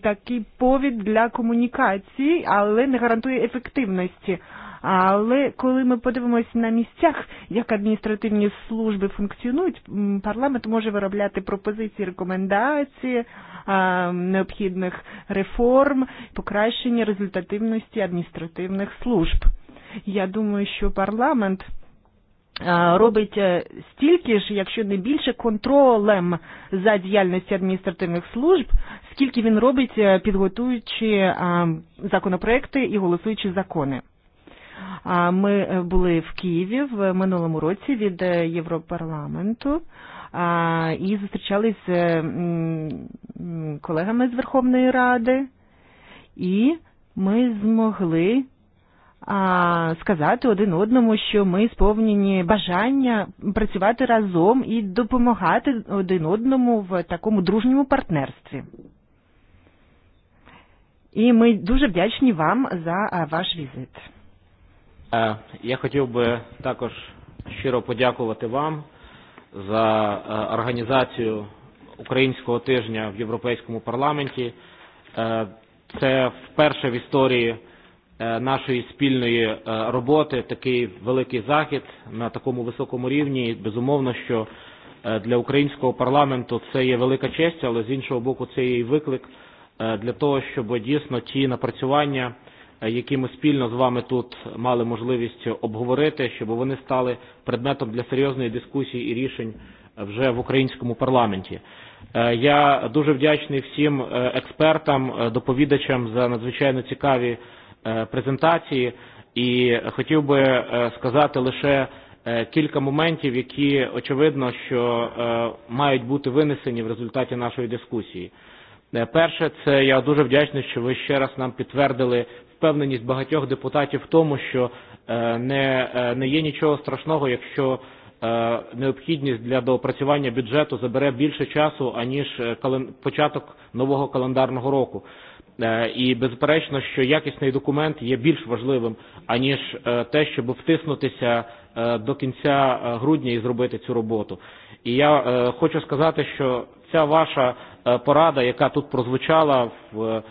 Speaker 3: такий повід для комунікації, але не гарантує ефективності. Але коли ми подивимося на місцях, як адміністративні служби функціонують, парламент може виробляти пропозиції, рекомендації необхідних реформ, покращення результативності адміністративних служб. Я думаю, що парламент робить э, стільки ж, якщо не більше, контролем за діяльністю адміністративних служб, скільки він робить, підготуючи законопроекти і голосуючи закони. Ми були в Києві в минулому році від Європарламенту і зустрічались з колегами з Верховної Ради, і ми змогли сказати один одному, що ми сповнені бажання працювати разом і допомагати один одному в такому дружньому партнерстві. І ми дуже вдячні вам за ваш візит.
Speaker 4: Я хотів би також щиро подякувати вам за організацію українського тижня в Європейському парламенті. Це вперше в історії нашої спільної роботи, такий великий захід на такому високому рівні. Безумовно, що для українського парламенту це є велика честь, але з іншого боку це є і виклик для того, щоб дійсно ті напрацювання, які ми спільно з вами тут мали можливість обговорити, щоб вони стали предметом для серйозної дискусії і рішень вже в українському парламенті. Я дуже вдячний всім експертам, доповідачам за надзвичайно цікаві презентації і хотів би сказати лише кілька моментів, які очевидно, що мають бути винесені в результаті нашої дискусії. Перше, це я дуже вдячний, що ви ще раз нам підтвердили впевненість багатьох депутатів в тому, що не, не є нічого страшного, якщо необхідність для доопрацювання бюджету забере більше часу, аніж початок нового календарного року. І безперечно, що якісний документ є більш важливим, аніж те, щоб втиснутися до кінця грудня і зробити цю роботу. І я хочу сказати, що ця ваша порада, яка тут прозвучала в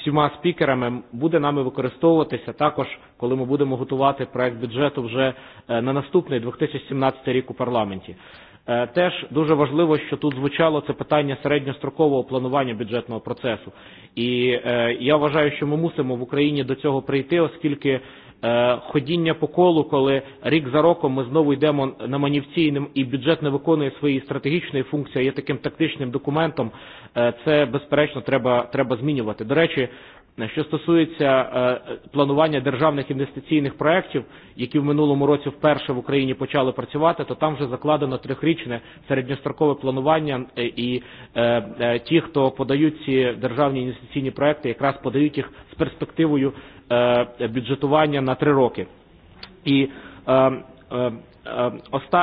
Speaker 4: всіма спікерами буде нами використовуватися також, коли ми будемо готувати проект бюджету вже на наступний 2017 рік у парламенті. Теж дуже важливо, що тут звучало це питання середньострокового планування бюджетного процесу. І я вважаю, що ми мусимо в Україні до цього прийти, оскільки ходіння по колу, коли рік за роком ми знову йдемо на манівці і бюджет не виконує свої стратегічної функції, є таким тактичним документом, це безперечно треба, треба змінювати. До речі, Що стосується планування державних інвестиційних проєктів, які в минулому році вперше в Україні почали працювати, то там вже закладено трьохрічне середньострокове планування, і ті, хто подають ці державні інвестиційні проекти, якраз подають їх з перспективою бюджетування на три роки. І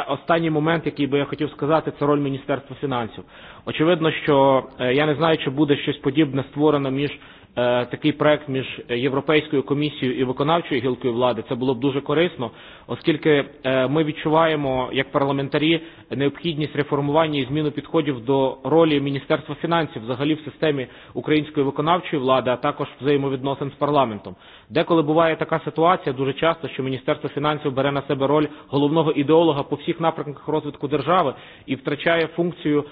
Speaker 4: останній момент, який би я хотів сказати, це роль Міністерства фінансів. Очевидно, що я не знаю, чи буде щось подібне створено між такий проект між Європейською комісією і виконавчою гілкою влади, це було б дуже корисно, оскільки ми відчуваємо як парламентарі необхідність реформування і зміну підходів до ролі Міністерства фінансів взагалі в системі української виконавчої влади, а також взаємовідносин з парламентом. Деколи буває така ситуація дуже часто, що Міністерство фінансів бере на себе роль головного ідеолога по всіх напрямках розвитку держави і втрачає функцію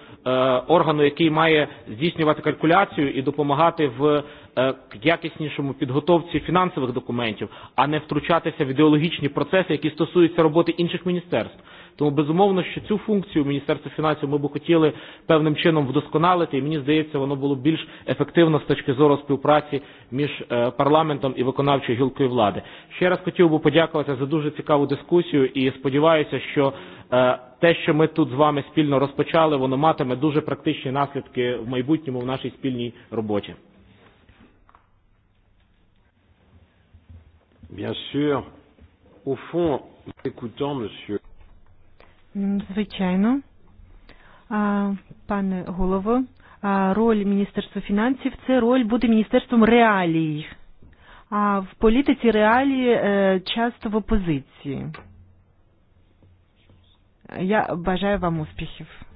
Speaker 4: органу, який має здійснювати калькуляцію і допомагати в к якіснішому підготовці фінансових документів, а не втручатися в ідеологічні процеси, які стосуються роботи інших міністерств. Тому безумовно, що цю функцію Міністерства фінансів ми б хотіли певним чином вдосконалити, і мені здається, воно було більш ефективно з точки зору співпраці між парламентом і виконавчою гілкою влади. Ще раз хотів би подякувати за дуже цікаву дискусію і сподіваюся, що те, що ми тут з вами спільно розпочали, воно матиме дуже практичні наслідки в майбутньому в нашій спільній роботі.
Speaker 2: Bien sûr, au fond, écoutant monsieur.
Speaker 3: Mm, Звичайно. А, пане голово, а роль Міністерства фінансів це роль бути міністерством реалій. А в політиці реалії е, часто в опозиції.
Speaker 5: Я бажаю вам успіхів.